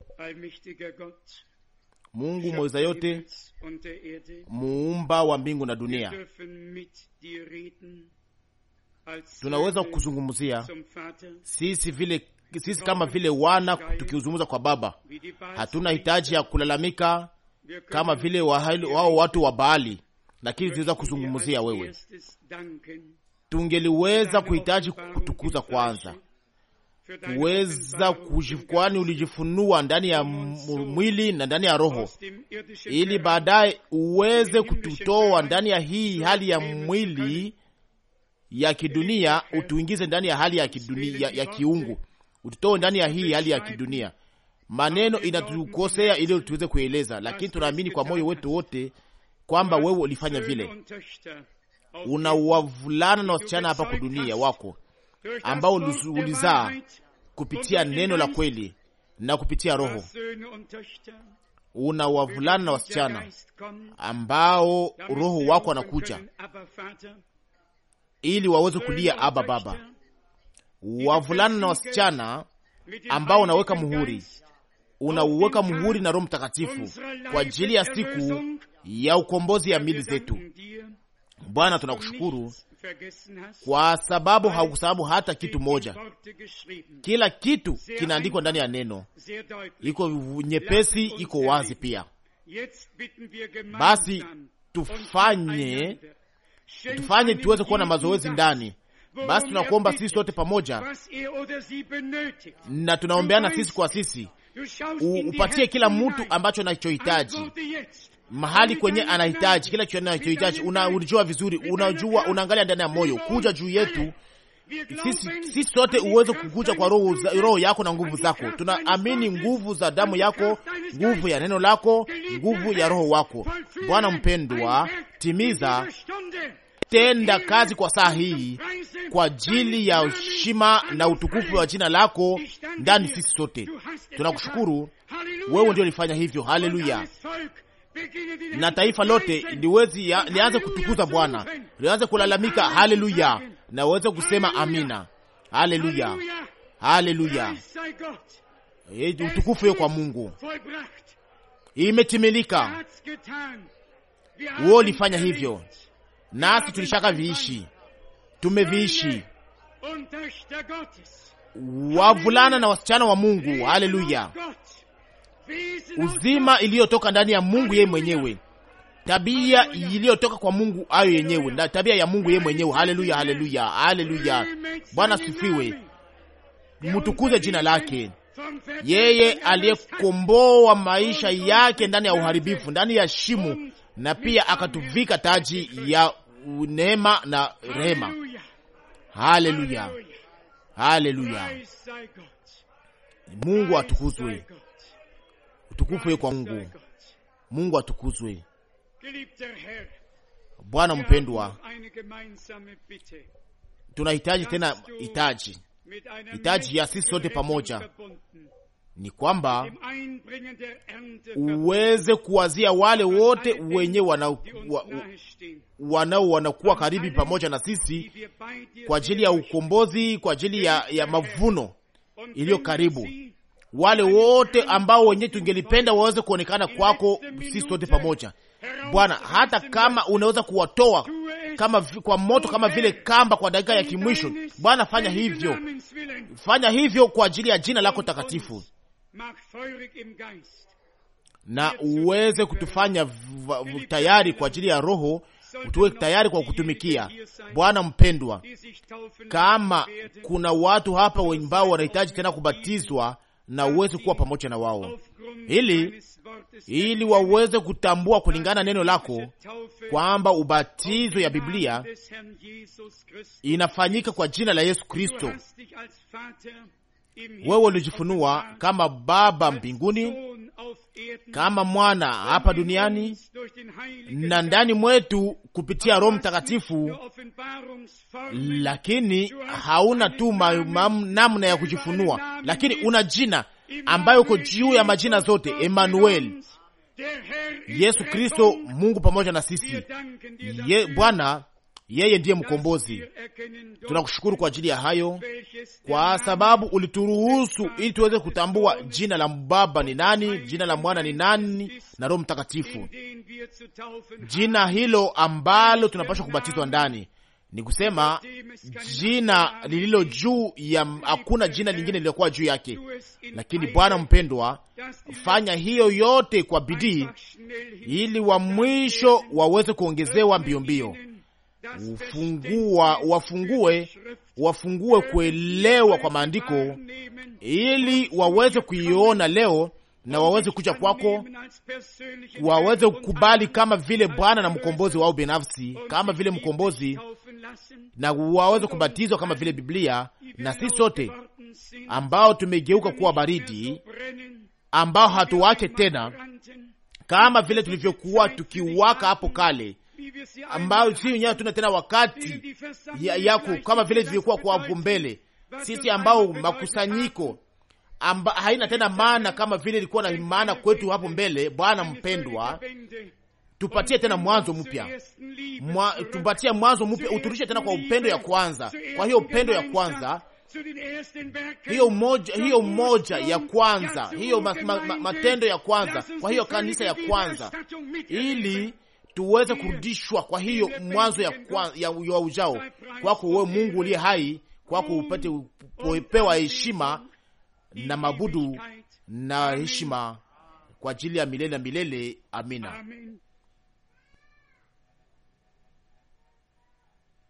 Mungu mweza yote, muumba wa mbingu na dunia, tunaweza kuzungumzia sisi vile sisi kama vile wana tukizungumza kwa Baba, hatuna hitaji ya kulalamika kama vile wao watu wa Baali, lakini tuweza kuzungumzia wewe, tungeliweza kuhitaji kutukuza kwanza kuweza kwani ulijifunua ndani ya mwili na ndani ya roho, ili baadaye uweze kututoa ndani ya hii hali ya mwili ya kidunia, utuingize ndani ya hali ya kidunia ya kiungu, ututoe ndani ya hii hali ya kidunia maneno inatukosea ili tuweze kueleza, lakini tunaamini kwa moyo wetu wote kwamba wewe ulifanya vile. Una wavulana na wasichana hapa kwa dunia wako ambao ulizaa kupitia neno la kweli na kupitia Roho. Una wavulana na wasichana ambao Roho wako anakuja ili waweze kulia Aba Baba, wavulana na wasichana ambao unaweka muhuri unauweka muhuri na Roho Mtakatifu kwa ajili ya siku ya ukombozi ya mili zetu. Bwana, tunakushukuru kwa sababu haukusababu hata kitu moja. Kila kitu kinaandikwa ndani ya neno, iko nyepesi, iko wazi pia. Basi tufanye tufanye tuweze kuwa na mazoezi ndani. Basi tunakuomba sisi sote pamoja, na tunaombeana sisi kwa sisi upatie kila mtu ambacho anachohitaji mahali kwenye anahitaji kila kitu anachohitaji. Unajua vizuri, unajua, unaangalia ndani ya moyo. Kuja juu yetu sisi, sisi sote uweze kukuja kwa roho, roho yako na nguvu zako. Tunaamini nguvu za damu yako, nguvu ya neno lako, nguvu ya roho wako. Bwana mpendwa, timiza tenda kazi kwa saa hii kwa ajili ya heshima na utukufu wa jina lako ndani sisi sote. Tunakushukuru wewe, ndio ulifanya hivyo. Haleluya! na taifa lote liwezi lianze kutukuza Bwana, lianze kulalamika haleluya, na uweze kusema amina. Haleluya, haleluya, utukufu hiyo kwa Mungu. Imetimilika, wewe ulifanya hivyo nasi tulishaka viishi, tumeviishi wavulana na wasichana wa Mungu. Haleluya! uzima iliyotoka ndani ya Mungu yeye mwenyewe, tabia iliyotoka kwa Mungu ayo yenyewe na tabia ya Mungu yeye mwenyewe. Haleluya, haleluya, haleluya! Bwana sifiwe, mtukuze jina lake. Yeye aliyekomboa maisha yake ndani ya uharibifu, ndani ya shimo, na pia akatuvika taji ya neema na rehema. Haleluya, haleluya! Mungu atukuzwe, utukufu kwa Mungu. Mungu atukuzwe. Bwana mpendwa, tunahitaji tena hitaji hitaji ya sisi sote pamoja ni kwamba uweze kuwazia wale wote wenye wanao wanakuwa wana, karibu pamoja na sisi kwa ajili ya ukombozi, kwa ajili ya, ya mavuno iliyo karibu, wale wote ambao wenye tungelipenda waweze kuonekana kwako sisi sote pamoja Bwana, hata kama unaweza kuwatoa kama kwa moto kama vile kamba kwa dakika ya kimwisho. Bwana, fanya hivyo, fanya hivyo kwa ajili ya jina lako takatifu na uweze kutufanya tayari kwa ajili ya Roho, tuwe tayari kwa kutumikia Bwana mpendwa. Kama kuna watu hapa ambao wanahitaji tena kubatizwa, na uweze kuwa pamoja na wao ili ili waweze kutambua kulingana neno lako kwamba ubatizo ya Biblia inafanyika kwa jina la Yesu Kristo wewe ulijifunua kama Baba mbinguni, kama mwana hapa duniani, na ndani mwetu kupitia Roho Mtakatifu. Lakini hauna tu namna ya kujifunua, lakini una jina ambayo uko juu ya majina zote, Emmanuel, Yesu Kristo, Mungu pamoja na sisi. Bwana yeye ndiye mkombozi. Tunakushukuru kwa ajili ya hayo, kwa sababu ulituruhusu ili tuweze kutambua jina la Baba ni nani, jina la Mwana ni nani, na Roho Mtakatifu, jina hilo ambalo tunapaswa kubatizwa ndani ni kusema jina lililo juu ya, hakuna jina lingine lililokuwa juu yake. Lakini Bwana mpendwa, fanya hiyo yote kwa bidii, ili wa mwisho waweze kuongezewa mbio mbio ufungua, wafungue, wafungue kuelewa kwa maandiko ili waweze kuiona leo na waweze kuja kwako, waweze kukubali kama vile Bwana na mkombozi wao binafsi, kama vile mkombozi, na waweze kubatizwa kama vile Biblia, na si sote ambao tumegeuka kuwa baridi, ambao hatuwake tena, kama vile tulivyokuwa tukiwaka hapo kale ambayo sisi wenyewe hatuna tena wakati ya, yako kama vile zilikuwa kwa mbele, sisi ambao makusanyiko amba, haina tena maana kama vile ilikuwa na maana kwetu hapo mbele. Bwana mpendwa, tupatie tena mwanzo mpya Mwa, tupatie mwanzo mpya, uturudishe tena kwa upendo ya kwanza, kwa hiyo upendo ya kwanza hiyo moja, hiyo moja ya kwanza, hiyo ma, ma, ma, matendo ya kwanza, kwa hiyo kanisa ya kwanza ili tuweze kurudishwa. Kwa hiyo mwanzo ya, kwa, ya, ya ujao kwako wewe Mungu uliye hai, kwako upate upewa heshima na mabudu na heshima kwa ajili ya milele na milele. Amina.